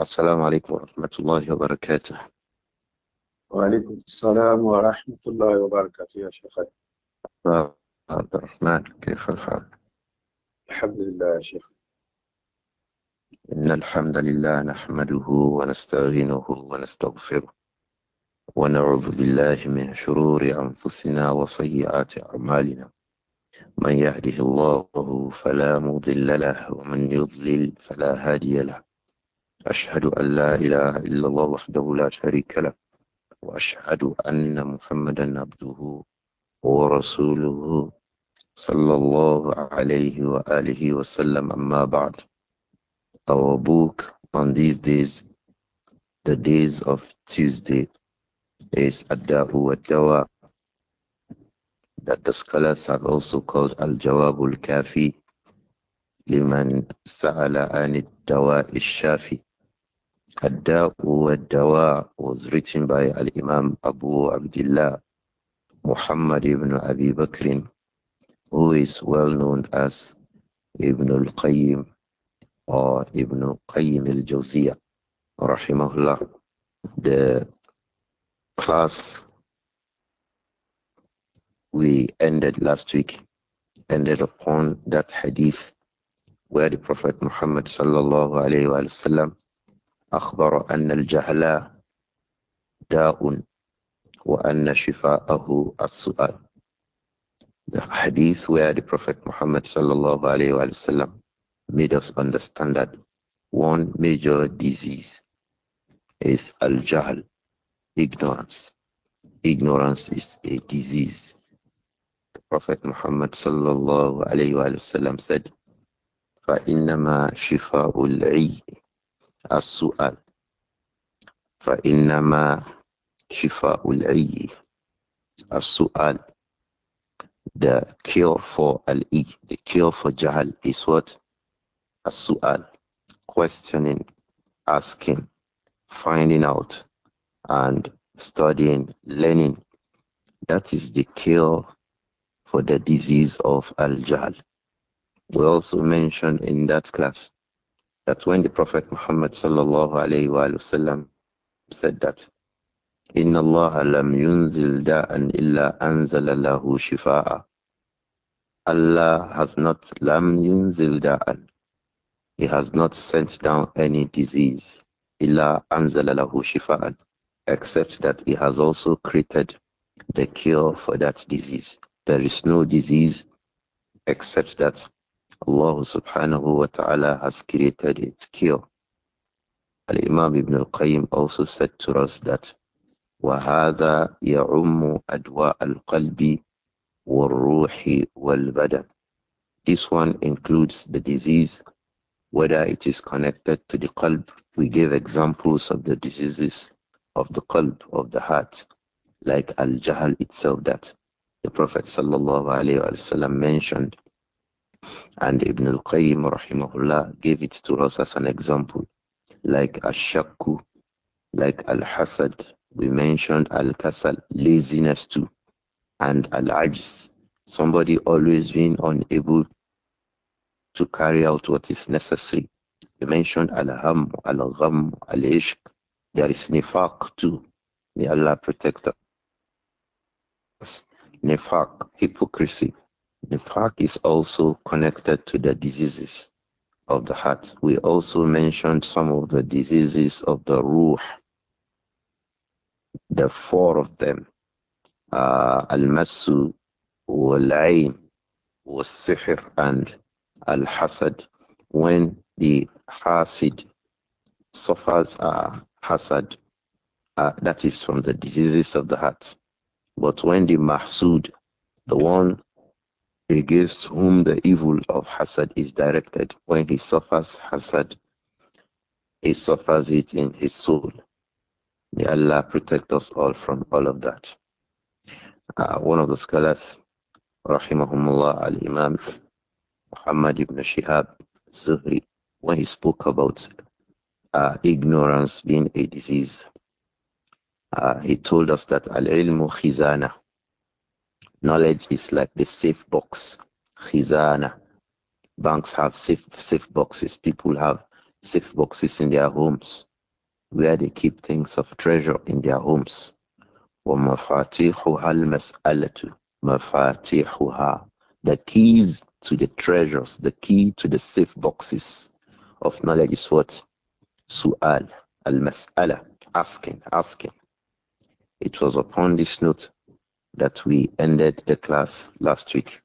السلام عليكم ورحمة الله وبركاته وعليكم السلام ورحمة الله وبركاته يا شيخ عبد الرحمن كيف الحال؟ الحمد لله يا شيخ إن الحمد لله نحمده ونستعينه ونستغفره ونعوذ بالله من شرور أنفسنا وسيئات أعمالنا من يهده الله فلا مضل له ومن يضلل فلا هادي له أشهد أن لا إله إلا الله وحده لا شريك له وأشهد أن محمدا عبده ورسوله صلى الله عليه وآله وسلم أما بعد Our book on these days, the days of Tuesday, is Adda'u wa Dawa that the scholars have also called al Jawabul kafi liman sa'ala an dawa al-shafi Ad-Da'u wa-Dawa was written by Al-Imam Abu Abdullah Muhammad ibn Abi Bakr, who is well known as Ibn al-Qayyim or Ibn al Qayyim al-Jawziyah, rahimahullah. The class we ended last week ended upon that hadith where the Prophet Muhammad sallallahu alayhi wa sallam أخبر أن الجهل داء وأن شفاءه السؤال the hadith where the Prophet Muhammad sallallahu alayhi wa sallam made us understand that one major disease is al-jahl, ignorance. Ignorance is a disease. The Prophet Muhammad sallallahu alayhi wa sallam said, فَإِنَّمَا شِفَاءُ الْعِيِّ السؤال فإنما شفاء العي السؤال the cure for al the cure for jahal is what as-su'al questioning asking finding out and studying learning that is the cure for the disease of al-jahl we also mentioned in that class that when the Prophet Muhammad sallallahu said that in Allah لم yunzil da'an illa أنزل له شفاء Allah has not lam yunzil da'an. He has not sent down any disease illa أنزل له except that He has also created the cure for that disease. There is no disease except that Allah subhanahu wa ta'ala has created its cure. Al Imam ibn al Qayyim also said to us that وَهَذَا يَعُمُّ أَدْوَاءَ الْقَلْبِ وَالْرُوحِ وَالْبَدَنِ This one includes the disease, whether it is connected to the qalb. We gave examples of the diseases of the qalb, of the heart, like al jahal itself that the Prophet sallallahu alaihi wasallam mentioned and Ibn al-Qayyim rahimahullah gave it to us as an example, like ash-shakku, like al-hasad. We mentioned al-kasal, laziness too, and al-ajz, somebody always being unable to carry out what is necessary. We mentioned al-ham, al-gham, al-ishq. There is nifaq too. May Allah protect us. Nifaq, hypocrisy. Nifaq is also connected to the diseases of the heart. We also mentioned some of the diseases of the ruh. The four of them uh, al masu, Wal-Ain, Wal-Sihr, and Al-Hasad. When the Hasid suffers uh, Hasad, uh, that is from the diseases of the heart. But when the Mahsud, the one against whom the evil of hasad is directed. When he suffers hasad, he suffers it in his soul. May Allah protect us all from all of that. Uh, one of the scholars, Rahimahumullah Al Imam Muhammad ibn Shihab Zuhri, when he spoke about uh, ignorance being a disease, uh, he told us that Al ilmu khizana, Knowledge is like the safe box, khizana. Banks have safe safe boxes. People have safe boxes in their homes, where they keep things of treasure in their homes. ومفاتيحها المسألة مفاتيحها the keys to the treasures, the key to the safe boxes of knowledge is what? Su'al, al-mas'ala, asking, asking. It was upon this note that we ended the class last week.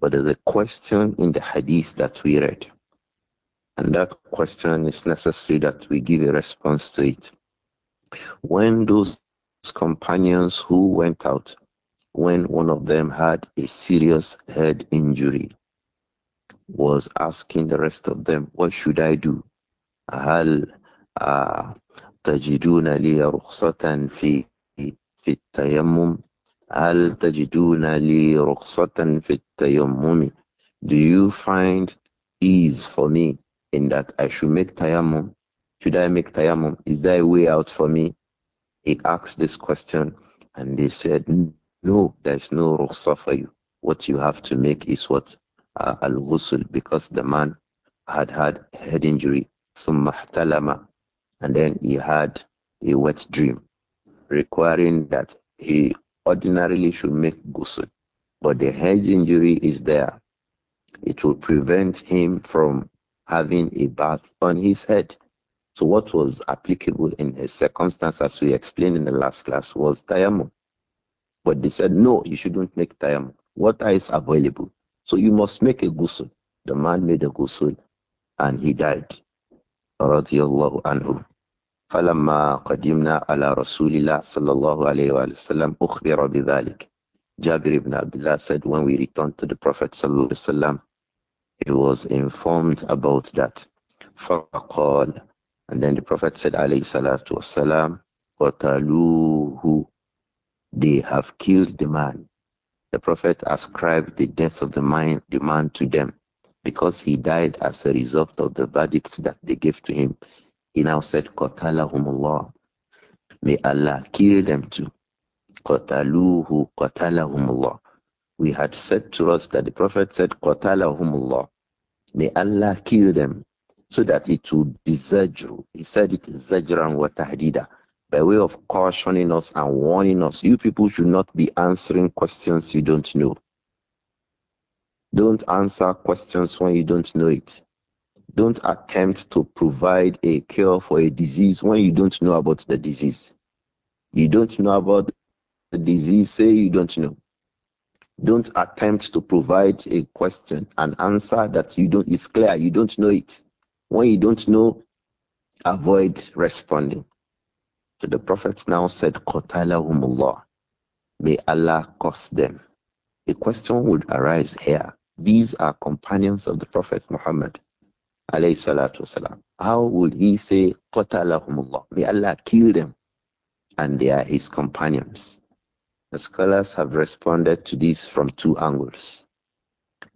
But there's a question in the hadith that we read. And that question is necessary that we give a response to it. When those companions who went out, when one of them had a serious head injury, was asking the rest of them, What should I do? هل تجدون لي fi do you find ease for me in that I should make tayammum? Should I make tayammum? Is there a way out for me? He asked this question and they said, no, there's no rukhsa for you. What you have to make is what uh, al-ghusl because the man had had head injury, from احتلم, and then he had a wet dream requiring that he ordinarily should make ghusl. But the head injury is there. It will prevent him from having a bath on his head. So what was applicable in his circumstance, as we explained in the last class, was tayammum. But they said, no, you shouldn't make tayammum. Water is available. So you must make a ghusl. The man made a ghusl and he died. الله عنه فلما قدمنا على رسول الله صلى الله عليه وسلم أخبر بذلك Jabir ibn Abdullah said when we returned to the Prophet sallallahu alaihi wasallam he was informed about that فقال and then the Prophet said عليه الصلاة والسلام قتلوه they have killed the man the Prophet ascribed the death of the man, the man to them because he died as a result of the verdict that they gave to him he now said, Qatalahumullah. May Allah kill them too. Qataluhu qatalahumullah. We had said to us that the Prophet said, Qatalahumullah. May Allah kill them so that it would be zajru. He said it is zajran wa tahdida. By way of cautioning us and warning us, you people should not be answering questions you don't know. Don't answer questions when you don't know it. Don't attempt to provide a cure for a disease when you don't know about the disease. You don't know about the disease, say you don't know. Don't attempt to provide a question, an answer that you don't, it's clear, you don't know it. When you don't know, avoid responding. So the Prophet now said, Qatalahumullah. May Allah curse them. A question would arise here. These are companions of the Prophet Muhammad alayhi salatu wasalam. How would he say, Qatalahumullah? May Allah kill them. And they are his companions. The scholars have responded to this from two angles.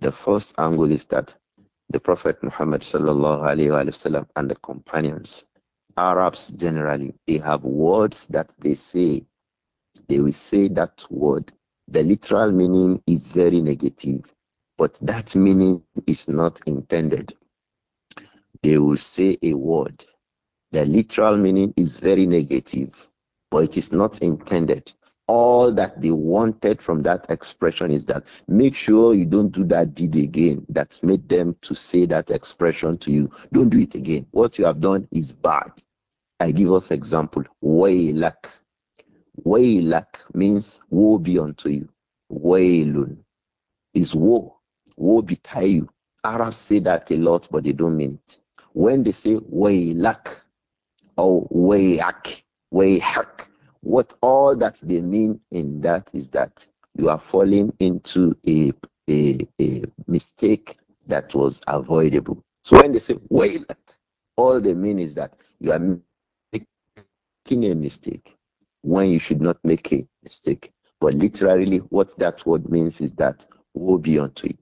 The first angle is that the Prophet Muhammad sallallahu alayhi wasallam and the companions, Arabs generally, they have words that they say. They will say that word. The literal meaning is very negative, but that meaning is not intended they will say a word. The literal meaning is very negative, but it is not intended. All that they wanted from that expression is that make sure you don't do that deed again that made them to say that expression to you. Don't do it again. What you have done is bad. I give us example. Wailak. Wailak means woe be unto you. Wailun is woe. Woe betide you. Arabs say that a lot, but they don't mean it. When they say waylak or wayak, wayhak, what all that they mean in that is that you are falling into a, a, a mistake that was avoidable. So when they say waylak, all they mean is that you are making a mistake when you should not make a mistake. But literally, what that word means is that woe be unto you.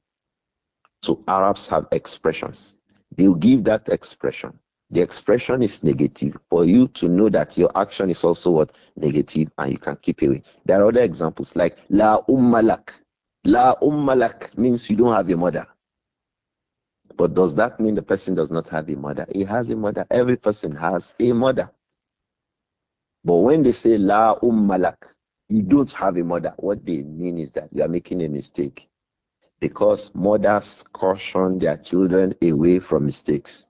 So Arabs have expressions they'll give that expression. The expression is negative for you to know that your action is also what negative and you can keep away. There are other examples like La Ummalak. La Ummalak means you don't have a mother. But does that mean the person does not have a mother? He has a mother. Every person has a mother. But when they say La Ummalak, you don't have a mother, what they mean is that you are making a mistake because mothers caution their children away from mistakes.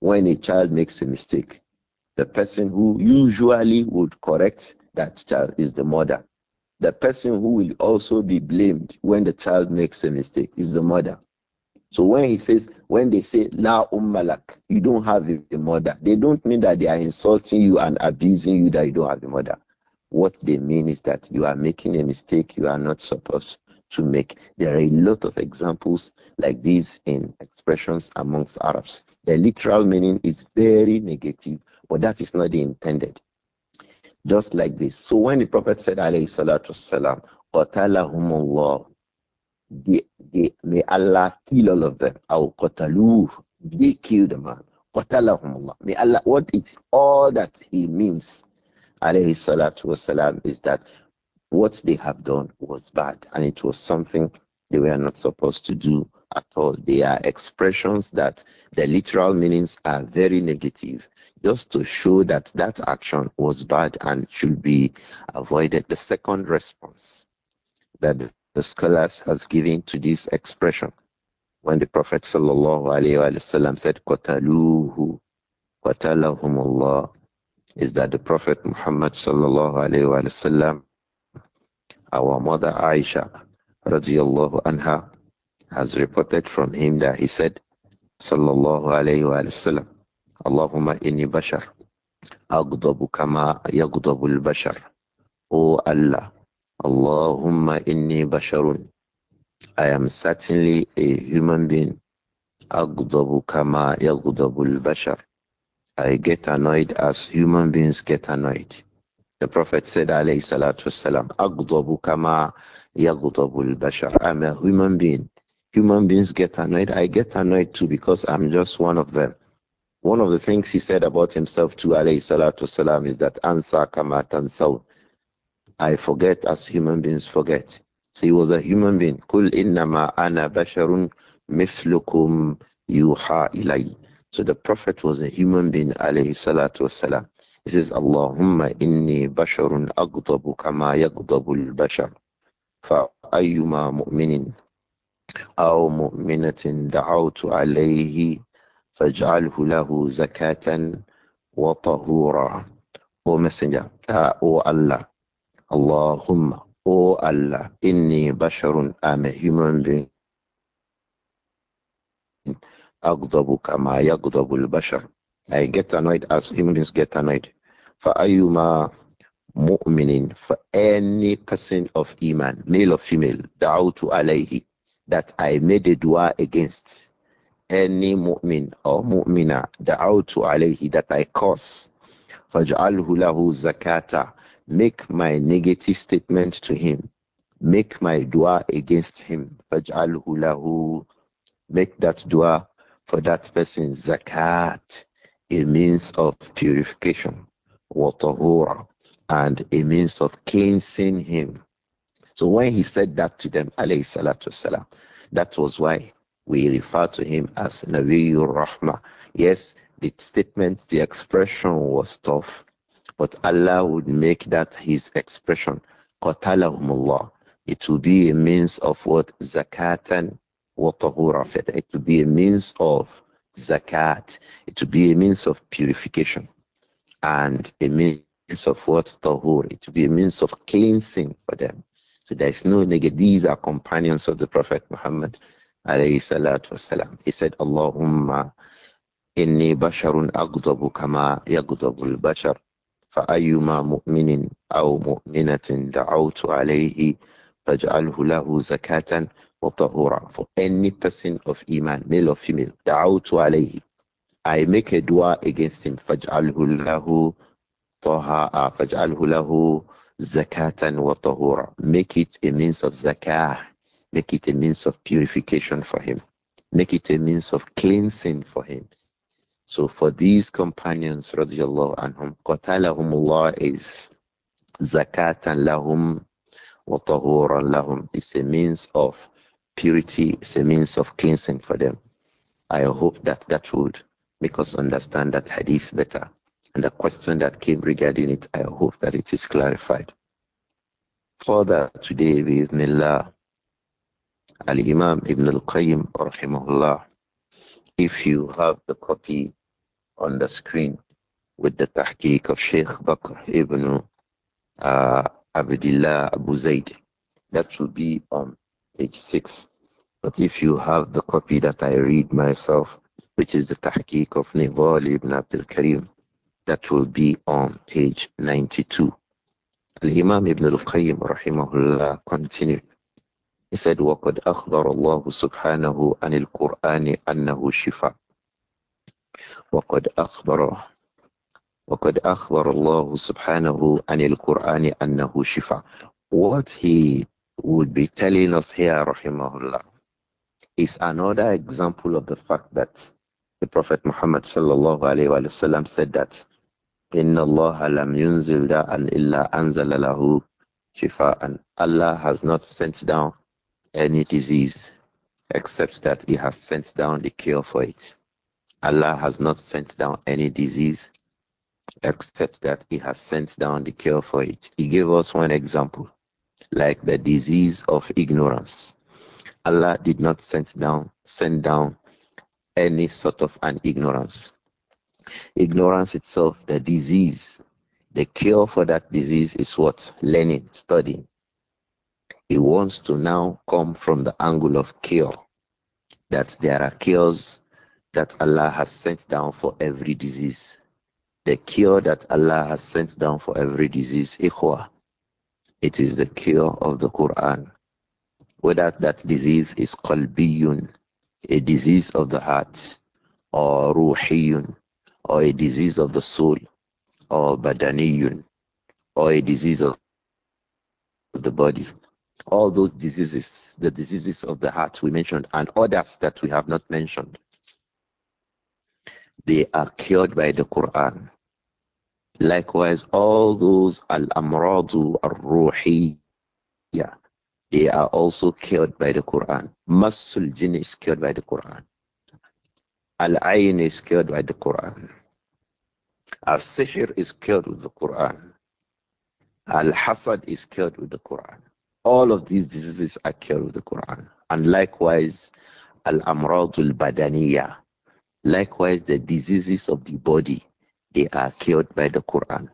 When a child makes a mistake, the person who usually would correct that child is the mother. The person who will also be blamed when the child makes a mistake is the mother. So when he says, when they say la ummalak, you don't have a mother, they don't mean that they are insulting you and abusing you that you don't have a mother. What they mean is that you are making a mistake you are not supposed to make. There are a lot of examples like these in expressions amongst Arabs. The literal meaning is very negative, but that is not the intended. Just like this. So when the Prophet said, alayhi salatu wasalam, Allah, they, they, may Allah kill all of them. Aw qataluh, they kill the man. Qatalahum Allah. May Allah, what all that he means alayhi salatu wasalam, is that what they have done was bad, and it was something they were not supposed to do at all. They are expressions that the literal meanings are very negative, just to show that that action was bad and should be avoided. The second response that the scholars has given to this expression, when the Prophet وسلم, said, "Qataluhu, Allah," is that the Prophet Muhammad sallallahu our mother Aisha radiallahu anha has reported from him that he said, Sallallahu alayhi wa sallam, Allahumma inni bashar, agdabu kama yagdabu al-bashar. O Allah, Allahumma inni basharun. I am certainly a human being. Agdabu kama yagdabu al-bashar. I get annoyed as human beings get annoyed. The Prophet said, alayhi salatu wasalam, Agdabu kama yagdabu bashar I'm a human being. Human beings get annoyed. I get annoyed too because I'm just one of them. One of the things he said about himself to alayhi salatu wasalam is that ansa kama tansaw. I forget as human beings forget. So he was a human being. Kul innama ana basharun mithlukum yuha ilay. So the Prophet was a human being, alayhi salatu wasalam. He says, Allahumma inni basharun aghdabu kama yaghdabul bashar. فأيما مؤمن أو مؤمنة دعوت عليه فاجعله له زكاة وطهورا O Messenger, uh, O Allah, Allahumma, O Allah, inni basharun, I'm a human being. أغضب كما يغضب البشر I get annoyed as human beings get annoyed. For ayuma mu'minin, for any person of iman, male or female, da'utu alayhi, that I made a dua against any mu'min or mu'mina, da'utu alayhi, that I curse. فَجْعَلْهُ لَهُ zakata. Make my negative statement to him. Make my dua against him. فَجْعَلْهُ لَهُ Make that dua for that person zakat a means of purification, watahura, and a means of cleansing him. So when he said that to them, alayhi salatu that was why we refer to him as Nabiyur Rahma. Yes, the statement, the expression was tough, but Allah would make that his expression. Allah. It will be a means of what? Zakatan wa tahura. It will be a means of zakat. It will be a means of purification and a means of what? Tahur. It to be a means of cleansing for them. So there is no negative. These are companions of the Prophet Muhammad. He said, Allahumma inni basharun aghdabu kama yaghdabu al-bashar فأيما mu'minin أو مؤمنة دعوت عليه فاجعله له وطهورا for any person of Iman, male or female. Da'awtu alayhi. I make a dua against him. فَاجْعَلْهُ لَهُ طَهَاءً فَاجْعَلْهُ لَهُ زَكَاةً وَطَهُورًا Make it a means of zakah. Make it a means of purification for him. Make it a means of cleansing for him. So for these companions, radiallahu anhum, qatalahumullah is zakatan lahum wa tahuran lahum. It's a means of purity is a means of cleansing for them. I hope that that would make us understand that hadith better. And the question that came regarding it, I hope that it is clarified. Further today, with Nillah, Al Imam Ibn Al Qayyim, rahimahullah, if you have the copy on the screen with the tahqiq of Sheikh Bakr Ibn uh, Abdullah Abu Zaid, that will be on page 6. But if you have the copy that I read myself, which is the Tahqiq of Nidhal ibn Abdul Karim, that will be on page 92. Al-Imam ibn al-Qayyim rahimahullah continued. He said, وَقَدْ أَخْبَرَ اللَّهُ سُبْحَانَهُ عَنِ الْقُرْآنِ أَنَّهُ شِفَاءٌ وَقَدْ أَخْبَرَ وَقَدْ أَخْبَرَ اللَّهُ سُبْحَانَهُ عَنِ الْقُرْآنِ أَنَّهُ shifa." What he would be telling us here, rahimahullah, is another example of the fact that the Prophet Muhammad sallallahu alayhi wa sallam said that إِنَّ اللَّهَ لَمْ يُنزِلْ دَاءً إِلَّا أَنزَلَ لَهُ شِفَاءً Allah has not sent down any disease except that He has sent down the cure for it. Allah has not sent down any disease except that He has sent down the cure for it. He gave us one example like the disease of ignorance. Allah did not send down send down any sort of an ignorance. Ignorance itself, the disease, the cure for that disease is what? Learning, studying. He wants to now come from the angle of cure, that there are cures that Allah has sent down for every disease. The cure that Allah has sent down for every disease, ikhwa, it is the cure of the Quran. Whether that disease is qalbiyun, a disease of the heart, or ruhiyun, or a disease of the soul, or badaniyun, or a disease of the body. All those diseases, the diseases of the heart we mentioned, and others that we have not mentioned, they are cured by the Quran. Likewise, all those al amradu al ruhiyya they are also cured by the Quran. Masul jinn is cured by the Quran. Al ayn is cured by the Quran. Al sihr is cured with the Quran. Al hasad is cured with the Quran. All of these diseases are cured with the Quran. And likewise, al al badaniya. Likewise, the diseases of the body they are uh, killed by the Quran.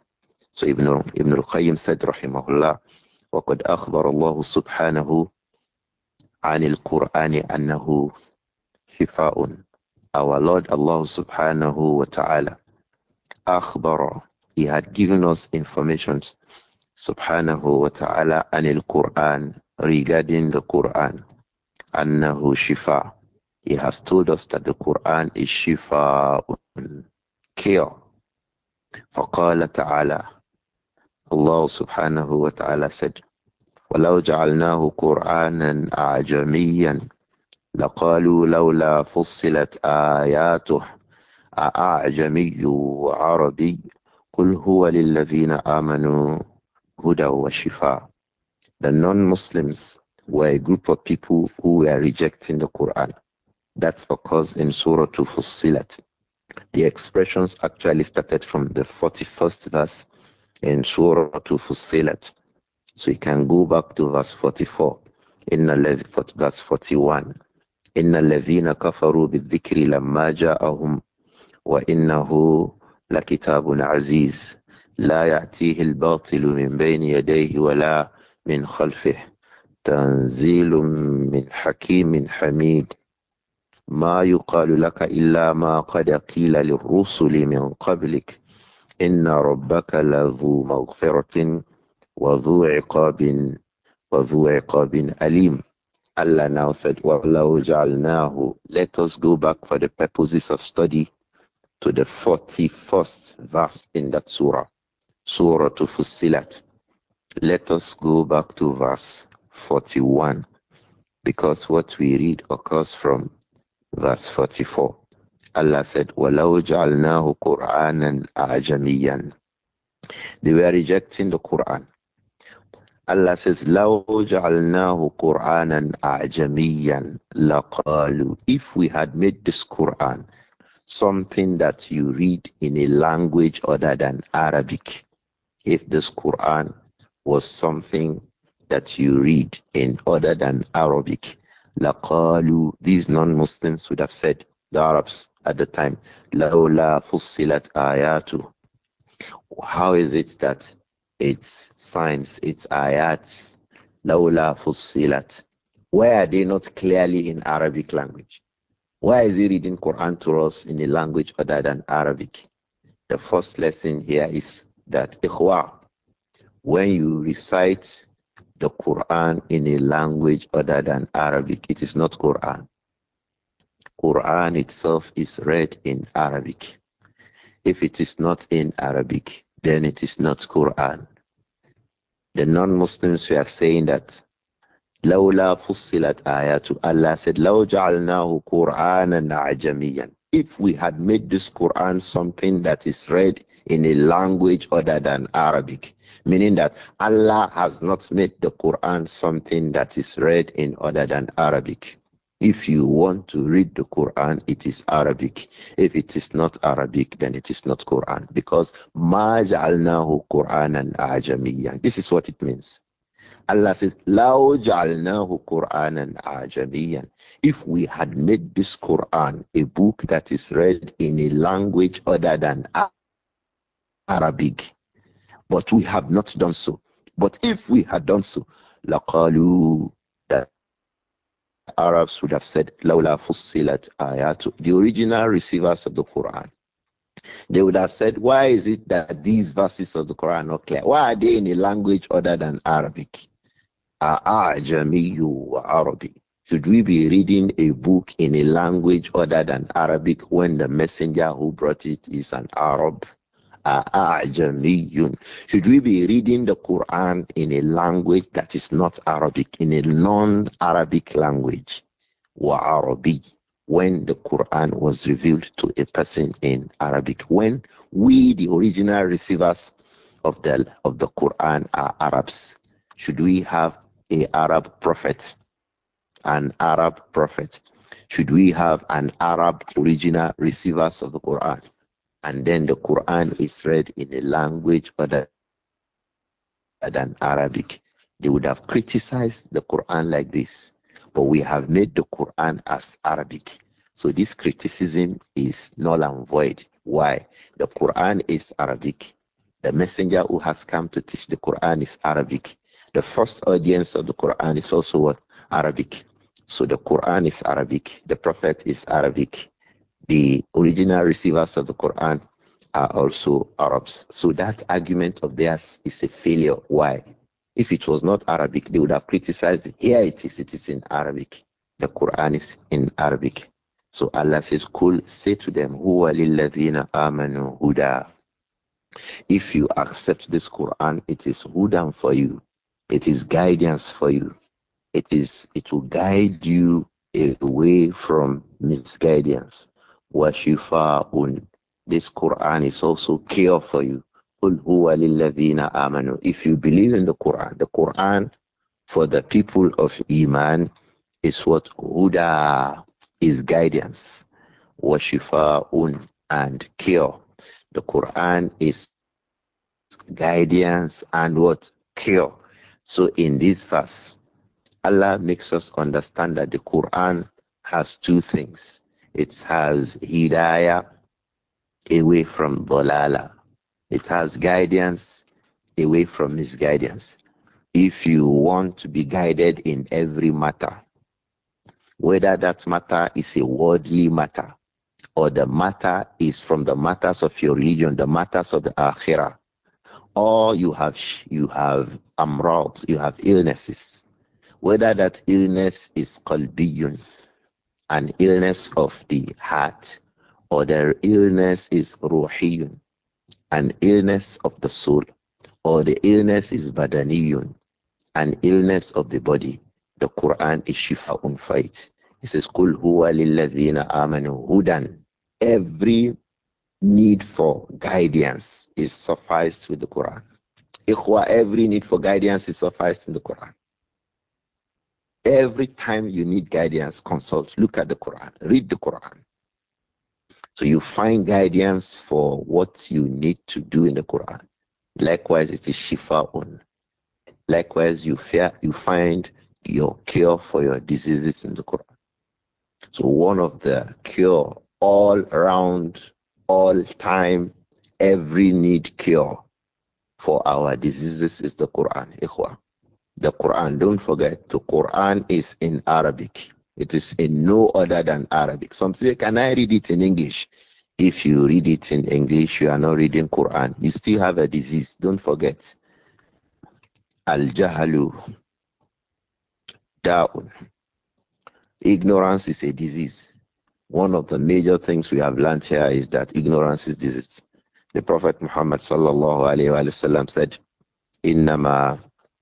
So Ibn, Ibn al-Qayyim said, rahimahullah, وَقَدْ أَخْبَرَ اللَّهُ سُبْحَانَهُ عَنِ الْقُرْآنِ أَنَّهُ شِفَاءٌ Our Lord Allah subhanahu wa ta'ala, أَخْبَرَ He had given us information, subhanahu wa ta'ala, عَنِ الْقُرْآنِ regarding the Quran. أنّه Shifa. He has told us that the Quran is Shifa cure. فقال تعالى الله سبحانه وتعالى said ولو جعلناه قرآنا أعجميا لقالوا لولا فصلت آياته أعجمي وعربي قل هو للذين آمنوا هدى وشفاء The non-Muslims were a group of people who were rejecting the Quran. That's because in Surah Fussilat, The expressions actually started from the 41st verse in Surah to Fusilat. So you can go back to verse 44, in verse 41. إن الذين كفروا بالذكر لما جاءهم وإنه لكتاب عزيز لا يأتيه الباطل من بين يديه ولا من خلفه تنزيل من حكيم حميد ما يقال لك إلا ما قد قيل للرسل من قبلك إن ربك لذو مغفرة وذو عقاب وذو عقاب أليم Allah now said, وَلَوْ جَعَلْنَاهُ Let us go back for the purposes of study to the 41st verse in that surah, Surah to fusilat Let us go back to verse 41 because what we read occurs from verse 44. Allah said, وَلَوْ جَعَلْنَاهُ قُرْآنًا أَعْجَمِيًّا They were rejecting the Quran. Allah says, لَوْ جَعَلْنَاهُ قُرْآنًا أَعْجَمِيًّا لَقَالُوا If we had made this Quran something that you read in a language other than Arabic, if this Quran was something that you read in other than Arabic, لَقَالُوا These non-Muslims would have said, the Arabs at the time, لَوْلَا فُصِّلَتْ آيَاتُ How is it that its signs, its ayats, لَوْلَا فُصِّلَتْ Why are they not clearly in Arabic language? Why is he reading Quran to us in a language other than Arabic? The first lesson here is that when you recite the Quran in a language other than Arabic. It is not Quran. Quran itself is read in Arabic. If it is not in Arabic, then it is not Quran. The non-Muslims were saying that لولا فصلت آيات Allah said لو جعلناه قرآنا عجميا if we had made this Quran something that is read in a language other than Arabic meaning that Allah has not made the Quran something that is read in other than Arabic. If you want to read the Quran, it is Arabic. If it is not Arabic, then it is not Quran because ma ja'alnahu and ajamiyan. This is what it means. Allah says, "Law ja'alnahu and ajamiyan." If we had made this Quran a book that is read in a language other than Arabic, but we have not done so. But if we had done so, laqalu that Arabs would have said, Laula Fussilat Ayatu, the original receivers of the Quran. They would have said, Why is it that these verses of the Quran are not clear? Why are they in a language other than Arabic? Arabic. Should we be reading a book in a language other than Arabic when the messenger who brought it is an Arab? Should we be reading the Quran in a language that is not Arabic, in a non Arabic language? Wa when the Quran was revealed to a person in Arabic, when we, the original receivers of the, of the Quran, are Arabs, should we have an Arab prophet? An Arab prophet? Should we have an Arab original receivers of the Quran? and then the Quran is read in a language other than Arabic. They would have criticized the Quran like this, but we have made the Quran as Arabic. So this criticism is null and void. Why? The Quran is Arabic. The messenger who has come to teach the Quran is Arabic. The first audience of the Quran is also Arabic. So the Quran is Arabic. The Prophet is Arabic the original receivers of the Quran are also Arabs. So that argument of theirs is a failure. Why? If it was not Arabic, they would have criticized it. Here it is, it is in Arabic. The Quran is in Arabic. So Allah says, Kul, say to them, Huwa lilladhina amanu huda. If you accept this Quran, it is hudan for you. It is guidance for you. It is it will guide you away from misguidance wa This Quran is also cure for you. If you believe in the Quran, the Quran for the people of Iman is what Huda is guidance, washifa'un and cure. The Quran is guidance and what cure. So in this verse, Allah makes us understand that the Quran has two things. It has hidayah away from dolala. It has guidance away from misguidance. If you want to be guided in every matter, whether that matter is a worldly matter or the matter is from the matters of your religion, the matters of the akhirah, or you have you have amrals, you have illnesses, whether that illness is qalbiyun, an illness of the heart, or their illness is ruhiyun, an illness of the soul, or the illness is badaniyun, an illness of the body. The Quran is shifa'un fight. It says, Kul huwa lilladhina amanu hudan. Every need for guidance is sufficed with the Quran. Ikhwa, every need for guidance is sufficed in the Quran. Every time you need guidance, consult, look at the Quran, read the Quran. So you find guidance for what you need to do in the Quran. Likewise, it is Shifa on. Likewise, you fear, you find your cure for your diseases in the Quran. So one of the cure all around, all time, every need cure for our diseases is the Quran. Ikhwah. The Quran, don't forget, the Quran is in Arabic. It is in no other than Arabic. Some say, can I read it in English? If you read it in English, you are not reading Quran. You still have a disease. Don't forget. Al-Jahalu. Da'un. Ignorance is a disease. One of the major things we have learned here is that ignorance is disease. The Prophet Muhammad sallallahu alayhi wa sallam said, إِنَّمَا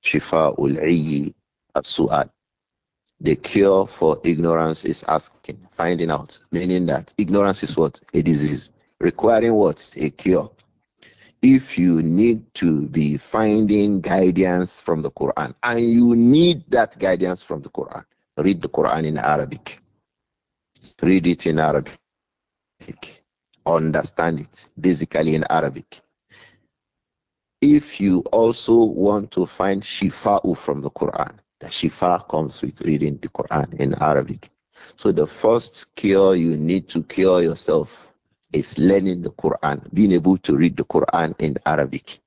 Shifa The cure for ignorance is asking, finding out, meaning that ignorance is what? A disease. Requiring what? A cure. If you need to be finding guidance from the Quran, and you need that guidance from the Quran, read the Quran in Arabic. Read it in Arabic. Understand it basically in Arabic if you also want to find shifa'u from the Quran, the shifa comes with reading the Quran in Arabic. So the first cure you need to cure yourself is learning the Quran, being able to read the Quran in Arabic.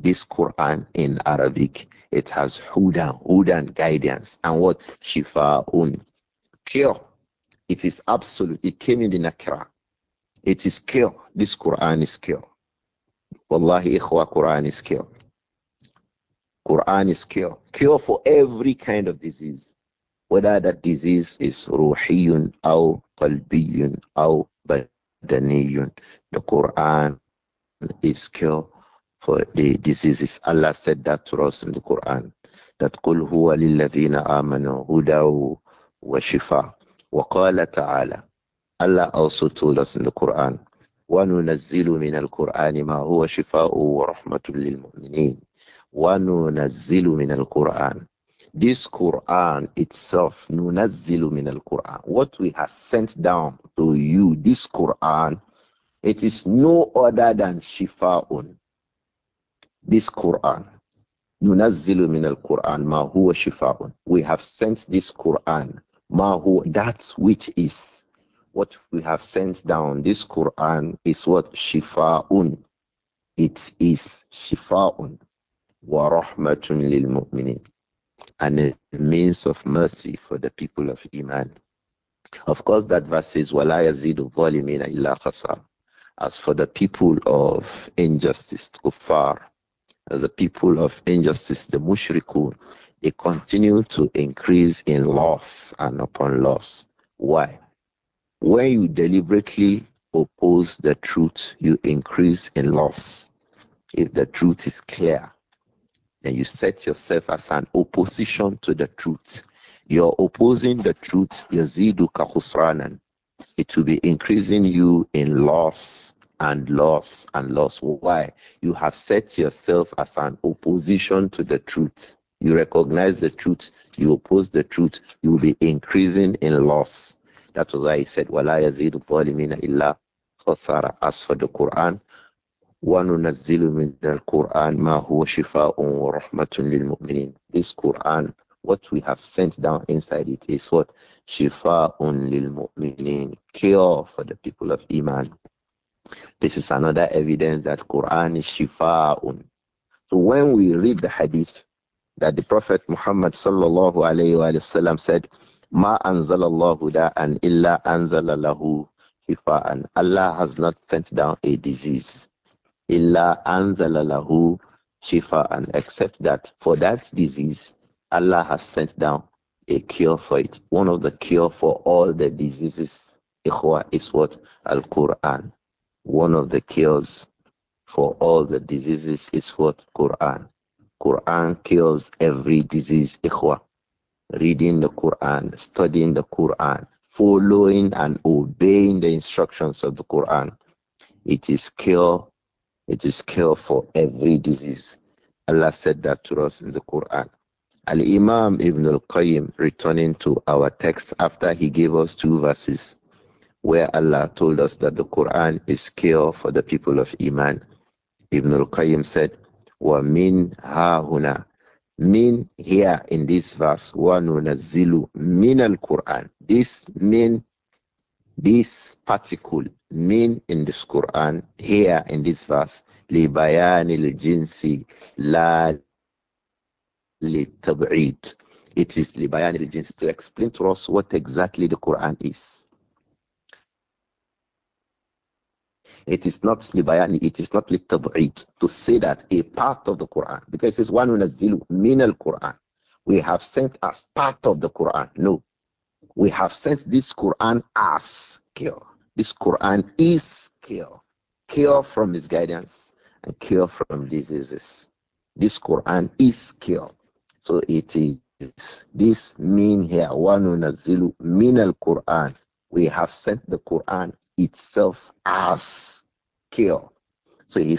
This Quran in Arabic, it has hudan, hudan guidance, and what shifa'un, cure. It is absolute. It came in the nakira. It is cure. This Quran is cure. Wallahi, ikhwa, Quran is cure. Quran is cure. Cure for every kind of disease, whether that disease is ruhiyun or qalbiyun or badaniyun. The Quran is cure for the diseases. Allah said that to us in the Quran. That قل هو للذين آمنوا shifa وشفاء. وقال تعالى Allah also told us in the Quran وننزل من القرآن ما هو شفاء ورحمة للمؤمنين وننزل من القرآن This Quran itself, ننزل من Quran. What we have sent down to you, this Quran, it is no other than شفاء This Quran, ننزل من القرآن ما هو شفاء We have sent this Quran, ما هو that which is what we have sent down, this Quran, is what? Shifa'un. It is Shifa'un. Wa rahmatun lil mu'minin. And a means of mercy for the people of Iman. Of course, that verse says, وَلَا يَزِيدُ الظَّالِمِينَ إِلَّا خَسَارًا as for the people of injustice, kuffar, as the people of injustice, the mushrikun, they continue to increase in loss and upon loss. Why? When you deliberately oppose the truth, you increase in loss. If the truth is clear, then you set yourself as an opposition to the truth. You're opposing the truth, yazidu kahusranan. It will be increasing you in loss and loss and loss. Why? You have set yourself as an opposition to the truth. You recognize the truth, you oppose the truth, you will be increasing in loss. That's why he said, وَلَا يَزِيدُ الظَّالِمِينَ إِلَّا خَسَارًا As for the Quran, وَنُنَزِّلُ مِنَ الْقُرْآنِ مَا هُوَ شِفَاءٌ وَرَحْمَةٌ لِلْمُؤْمِنِينَ This Quran, what we have sent down inside it is what? Shifa'un lil mu'minin, cure for the people of Iman. This is another evidence that Quran is shifa'un. So when we read the hadith that the Prophet Muhammad sallallahu alayhi wa said, Ma anzalallahu da'an illa anzalalahu and Allah has not sent down a disease. Illa anzalalahu and except that for that disease, Allah has sent down a cure for it. One of the cure for all the diseases, ikhwa, is what? Al-Quran. One of the cures for all the diseases is what? Quran. Quran cures every disease, ikhwa reading the Quran, studying the Quran, following and obeying the instructions of the Quran. It is cure, it is cure for every disease. Allah said that to us in the Quran. Al Imam Ibn Al Qayyim, returning to our text after he gave us two verses where Allah told us that the Quran is cure for the people of Iman. Ibn Al Qayyim said, "Wa min hahuna Mean here in this verse, one zilu min al Quran. This mean this particle mean in this Quran here in this verse, li bayanil jinsi la li It is li bayanil jinsi to explain to us what exactly the Quran is. It is not libayani, it is not litab'id to say that a part of the Quran, because it says one zilu min al Quran. We have sent as part of the Quran. No, we have sent this Quran as cure. This Quran is cure, cure from misguidance and cure from diseases. This Quran is cure. So it is this mean here, one zilu min al Quran. We have sent the Quran itself as scale. So he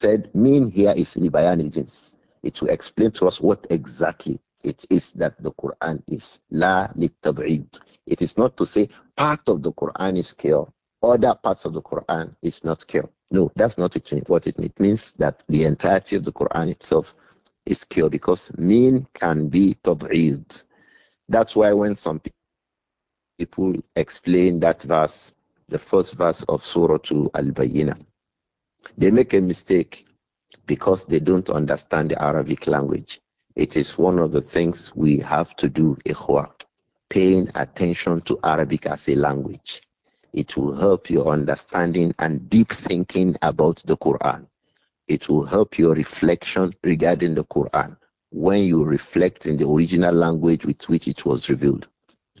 said, mean here is Libyan jins. It will explain to us what exactly it is that the Quran is. La litab'id. It is not to say part of the Quran is clear, other parts of the Quran is not clear. No, that's not what it means. It means that the entirety of the Quran itself is clear because mean can be tab'id. That's why when some people explain that verse, the first verse of Surah Al-Bayyinah. They make a mistake because they don't understand the Arabic language. It is one of the things we have to do, Ikhwa, paying attention to Arabic as a language. It will help your understanding and deep thinking about the Quran. It will help your reflection regarding the Quran when you reflect in the original language with which it was revealed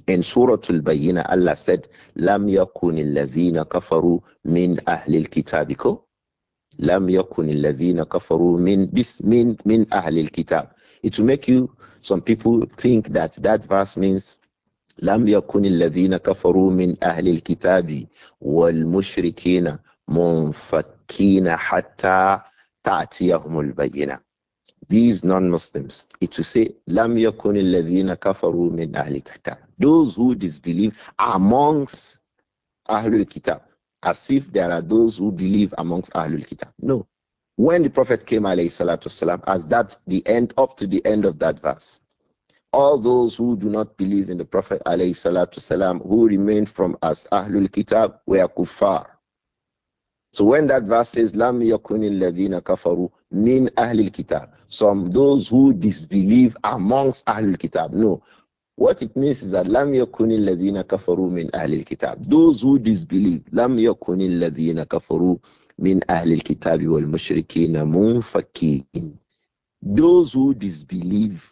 in Surah Al Bayina, Allah said, Lam yakun الذين kafaru min ahli kitabiko kitab. Lam yakun الذين kafaru min this min min ahli kitab. It will make you some people think that that verse means Lam yakun الذين kafaru min ahli al kitab wal mushrikeena munfakina hatta ta'tiyahum al these non-Muslims, it will say, Lam yakun alladhina kafaru min ahli kitab. Those who disbelieve amongst Ahlul Kitab, as if there are those who believe amongst Ahlul Kitab. No. When the Prophet came, والسلام, as that the end, up to the end of that verse, all those who do not believe in the Prophet, والسلام, who remain from us, Ahlul Kitab, were kuffar. So when that verse says, Lam yakunil ladina kafaru min ahlil kitab, some those who disbelieve amongst ahlil kitab. No. What it means is that Lam yakunil ladina kafaru min ahlil kitab. Those who disbelieve, Lam yakunil ladina kafaru min ahlil kitab wal mushrikina munfakin. Those who disbelieve,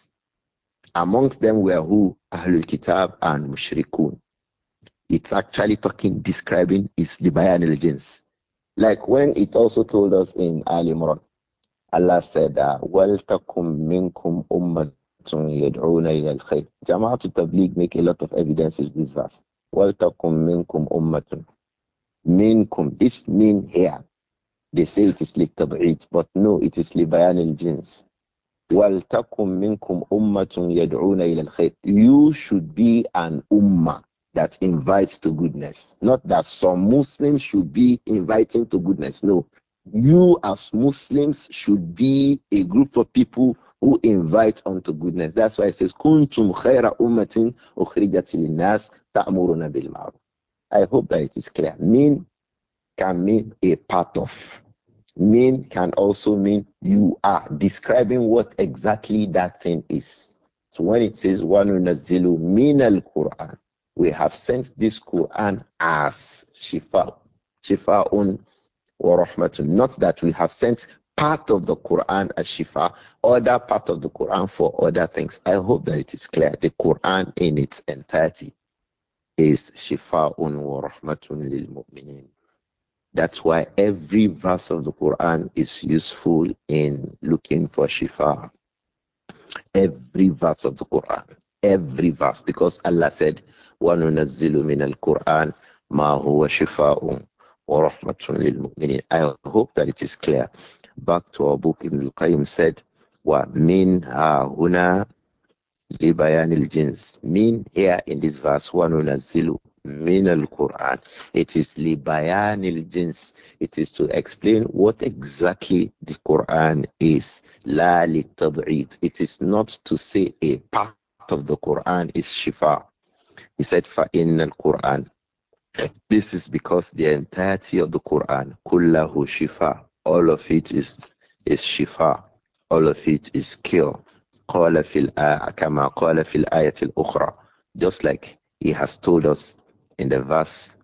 amongst them were who? Ahlul kitab and mushrikun. It's actually talking, describing is the bayan al-jins like when it also told us in Al Imran, Allah said, وَلْتَكُمْ uh, ummatun أُمَّةٌ يَدْعُونَ إِلَى الْخَيْرِ Jama'at Tabligh make a lot of evidences this verse. وَلْتَكُمْ مِنْكُمْ أُمَّةٌ Minkum, this mean here. They say it is litab'id, but no, it is bayan al-jins. وَلْتَكُمْ مِنْكُمْ أُمَّةٌ يَدْعُونَ إِلَى الْخَيْرِ You should be an ummah that invites to goodness. Not that some Muslims should be inviting to goodness. No. You, as Muslims, should be a group of people who invite unto goodness. That's why it says, Kuntum khaira ummatin nas ta'muruna bil I hope that it is clear. Mean can mean a part of. Mean can also mean you are describing what exactly that thing is. So when it says, وَنُنَزِّلُ مِنَ quran we have sent this Quran as Shifa, Shifa un wa rahmatun. Not that we have sent part of the Quran as Shifa, other part of the Quran for other things. I hope that it is clear. The Quran in its entirety is Shifa un wa rahmatun lil mu'minin. That's why every verse of the Quran is useful in looking for Shifa. Every verse of the Quran. Every verse, because Allah said, وَنُنَزِّلُ مِنَ الْقُرْآنِ مَا هُوَ شِفَاءٌ وَرَحْمَةٌ لِلْمُؤْمِنِينَ I hope that it is clear. Back to our book, Ibn al-Qayyim said, وَمِنْهَا هُنَا لِبَيَانِ الْجِنْس Min here in this verse, وَنُنَزِّلُ min al Quran. It is libayan al jins. It is to explain what exactly the Quran is. La li It is not to say a part of the Quran is shifa. He said, al Quran, This is because the entirety of the Quran, kullahu shifa, all of it is, is shifa, all of it is cure. قَالَ فِي كَمَا قَالَ فِي الْآيَةِ الْأُخْرَى Just like he has told us in the verse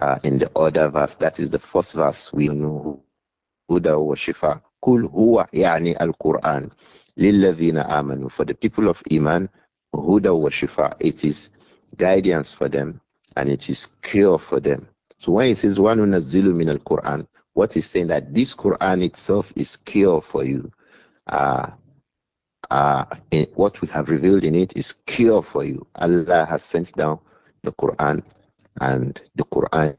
Uh, in the other verse. That is the first verse we know. Huda wa Shifa. Kul huwa yani al Quran. لِلَّذِينَ آمَنُوا For the people of Iman, Huda wa Shifa, it is guidance for them and it is cure for them. So when it says one nazilu min al Quran, what is saying that this Quran itself is cure for you. Uh, uh, what we have revealed in it is cure for you. Allah has sent down the Quran, and the Quran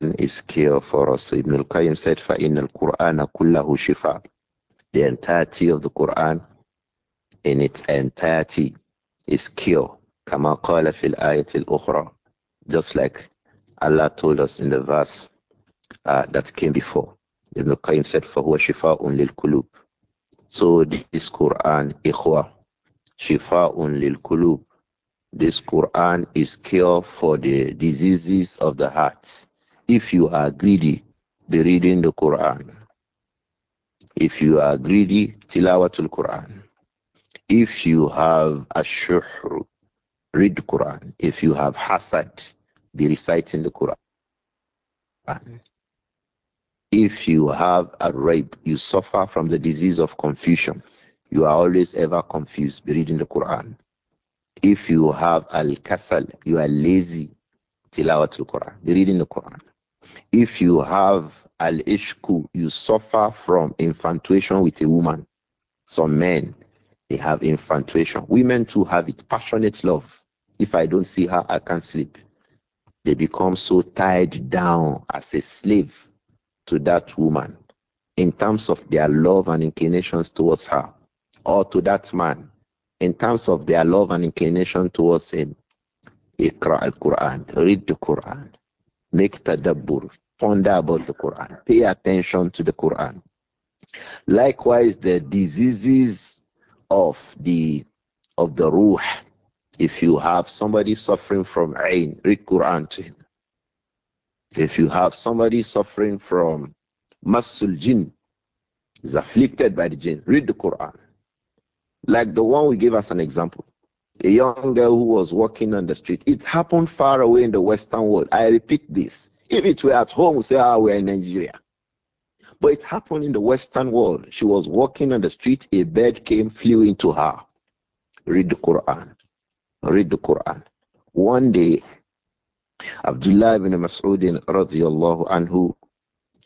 is cure for us. So Ibn al-Qayyim said, فَإِنَّ الْقُرْآنَ كُلَّهُ شِفَاءٌ the entirety of the Quran in its entirety is cure. Kama qala fil ayatil ukhra. Just like Allah told us in the verse uh, that came before. Ibn Qayyim said, فَهُوَ شِفَاءٌ لِلْقُلُوبِ So this Quran, ikhwa, شِفَاءٌ لِلْقُلُوبِ This Quran is cure for the diseases of the heart. If you are greedy, be reading the Quran. If you are greedy, tilawatul Quran. If you have ashuhru, read the Quran. If you have hasad, be reciting the Quran. If you have a rape, you suffer from the disease of confusion. You are always ever confused, be reading the Quran. If you have al kasal, you are lazy, tilawatul Quran, be reading the Quran. If you have al you suffer from infatuation with a woman some men they have infatuation women too have it passionate love if i don't see her i can't sleep they become so tied down as a slave to that woman in terms of their love and inclinations towards her or to that man in terms of their love and inclination towards him. Iqra al Quran, read the Quran, make tadabbur, ponder about the Quran, pay attention to the Quran. Likewise, the diseases of the of the ruh. If you have somebody suffering from ain, read Quran to him. If you have somebody suffering from masul jinn, is afflicted by the jinn, read the Quran. Like the one we gave as an example. A young girl who was walking on the street. It happened far away in the Western world. I repeat this. If it were at home, we say, ah, we're in Nigeria. But it happened in the Western world. She was walking on the street, a bird came, flew into her. Read the Quran. Read the Quran. One day, Abdullah ibn Mas'udin radiallahu anhu,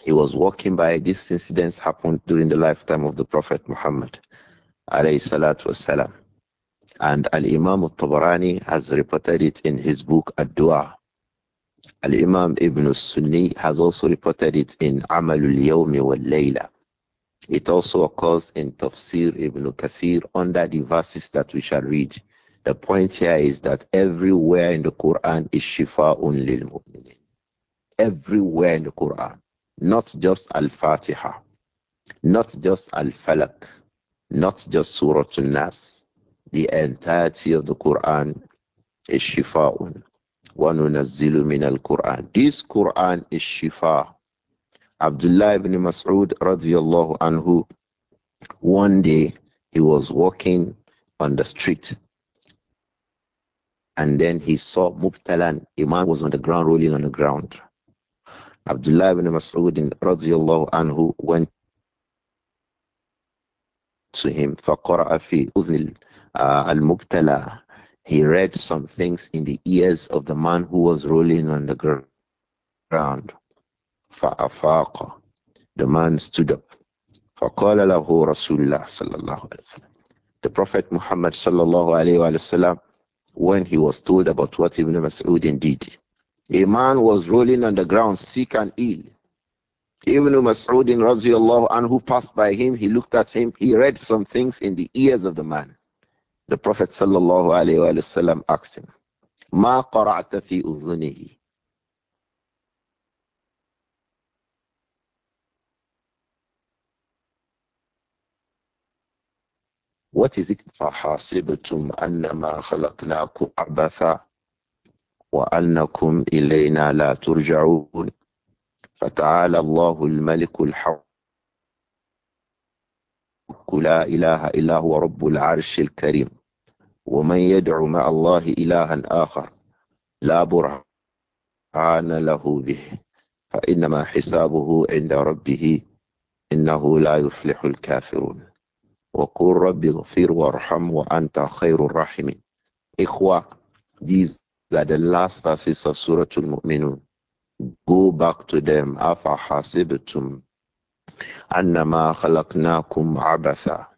he was walking by. This incident happened during the lifetime of the Prophet Muhammad alayhi salatu wasalam. And Al-Imam al-Tabarani has reported it in his book Ad-Dua. Al Imam Ibn Sunni has also reported it in Amalul Yawmi wal Layla. It also occurs in Tafsir Ibn Kathir under the verses that we shall read. The point here is that everywhere in the Quran is shifa'un lil mu'minin. Everywhere in the Quran, not just Al-Fatiha, not just Al-Falak, not just Surah Al nas The entirety of the Quran is shifa'un. وَنُنَزِّلُ مِنَ Quran. This Quran is Shifa. Abdullah ibn Mas'ud radiallahu anhu, one day he was walking on the street and then he saw Mubtalan, a man was on the ground, rolling on the ground. Abdullah ibn Mas'ud radiallahu anhu went to him فقرأ في أذن المبتلى he read some things in the ears of the man who was rolling on the ground. ground. فأفاق. The man stood up. فقال له Rasulullah sallallahu صلى الله The Prophet Muhammad sallallahu الله عليه when he was told about what Ibn Mas'ud did, a man was rolling on the ground sick and ill. Ibn Mas'ud radiallahu anhu passed by him, he looked at him, he read some things in the ears of the man. The Prophet sallallahu alayhi wa sallam asked him, ما qara'ta في أذنه؟ What is it? فَحَاسِبْتُمْ أَنَّمَا خَلَقْنَاكُمْ عَبَثًا وأنكم إلينا لا ترجعون فتعالى الله الملك الحق لا إله إلا هو رب العرش الكريم ومن يدع مع الله إلها آخر لا برهان له به فإنما حسابه عند ربه إنه لا يفلح الكافرون وقل رب اغفر وارحم وأنت خير الراحمين إخوة these are the last verses of Surah Al-Mu'minun go back to them أفحسبتم أنما خلقناكم عبثا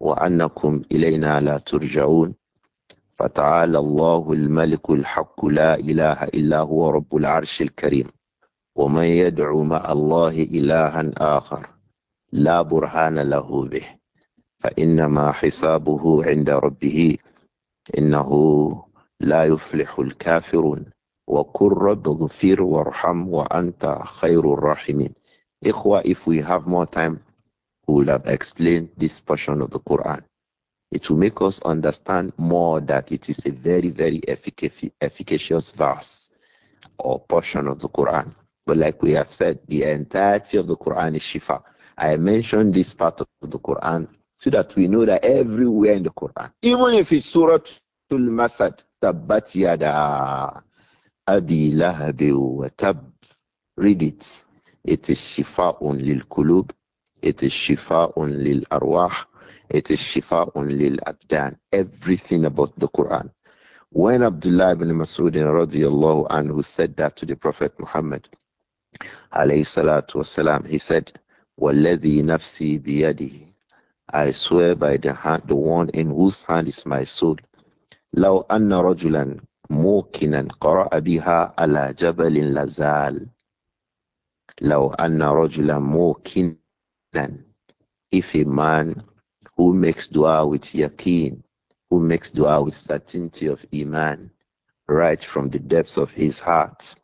وأنكم إلينا لا ترجعون فتعالى الله الملك الحق لا إله إلا هو رب العرش الكريم ومن يدعو مع الله إلها آخر لا برهان له به فإنما حسابه عند ربه إنه لا يفلح الكافرون وقل رب اغفر وارحم وأنت خير الراحمين إخوة if we have more time who will have explained this portion of the Quran. It will make us understand more that it is a very, very effic efficacious verse or portion of the Quran. But like we have said, the entirety of the Quran is Shifa. I mentioned this part of the Quran so that we know that everywhere in the Quran, even if it's Surah Al-Masad, Tabbat Yada Abi Lahab Tab, read it. It is Shifa only Kulub it is shifa lil arwah. It is shifa lil abdan. Everything about the Quran. When Abdullah ibn Mas'ud radiallahu anhu said that to the Prophet Muhammad, alayhi salatu salam, he said, وَالَّذِي نَفْسِي بِيَدِهِ I swear by the hand, the one in whose hand is my soul. لو أن رجلا موقنا قرأ بها على جبل لزال لو أن رجلا موقنا if a man who makes dua with yaqeen, who makes dua with certainty of iman, right from the depths of his heart,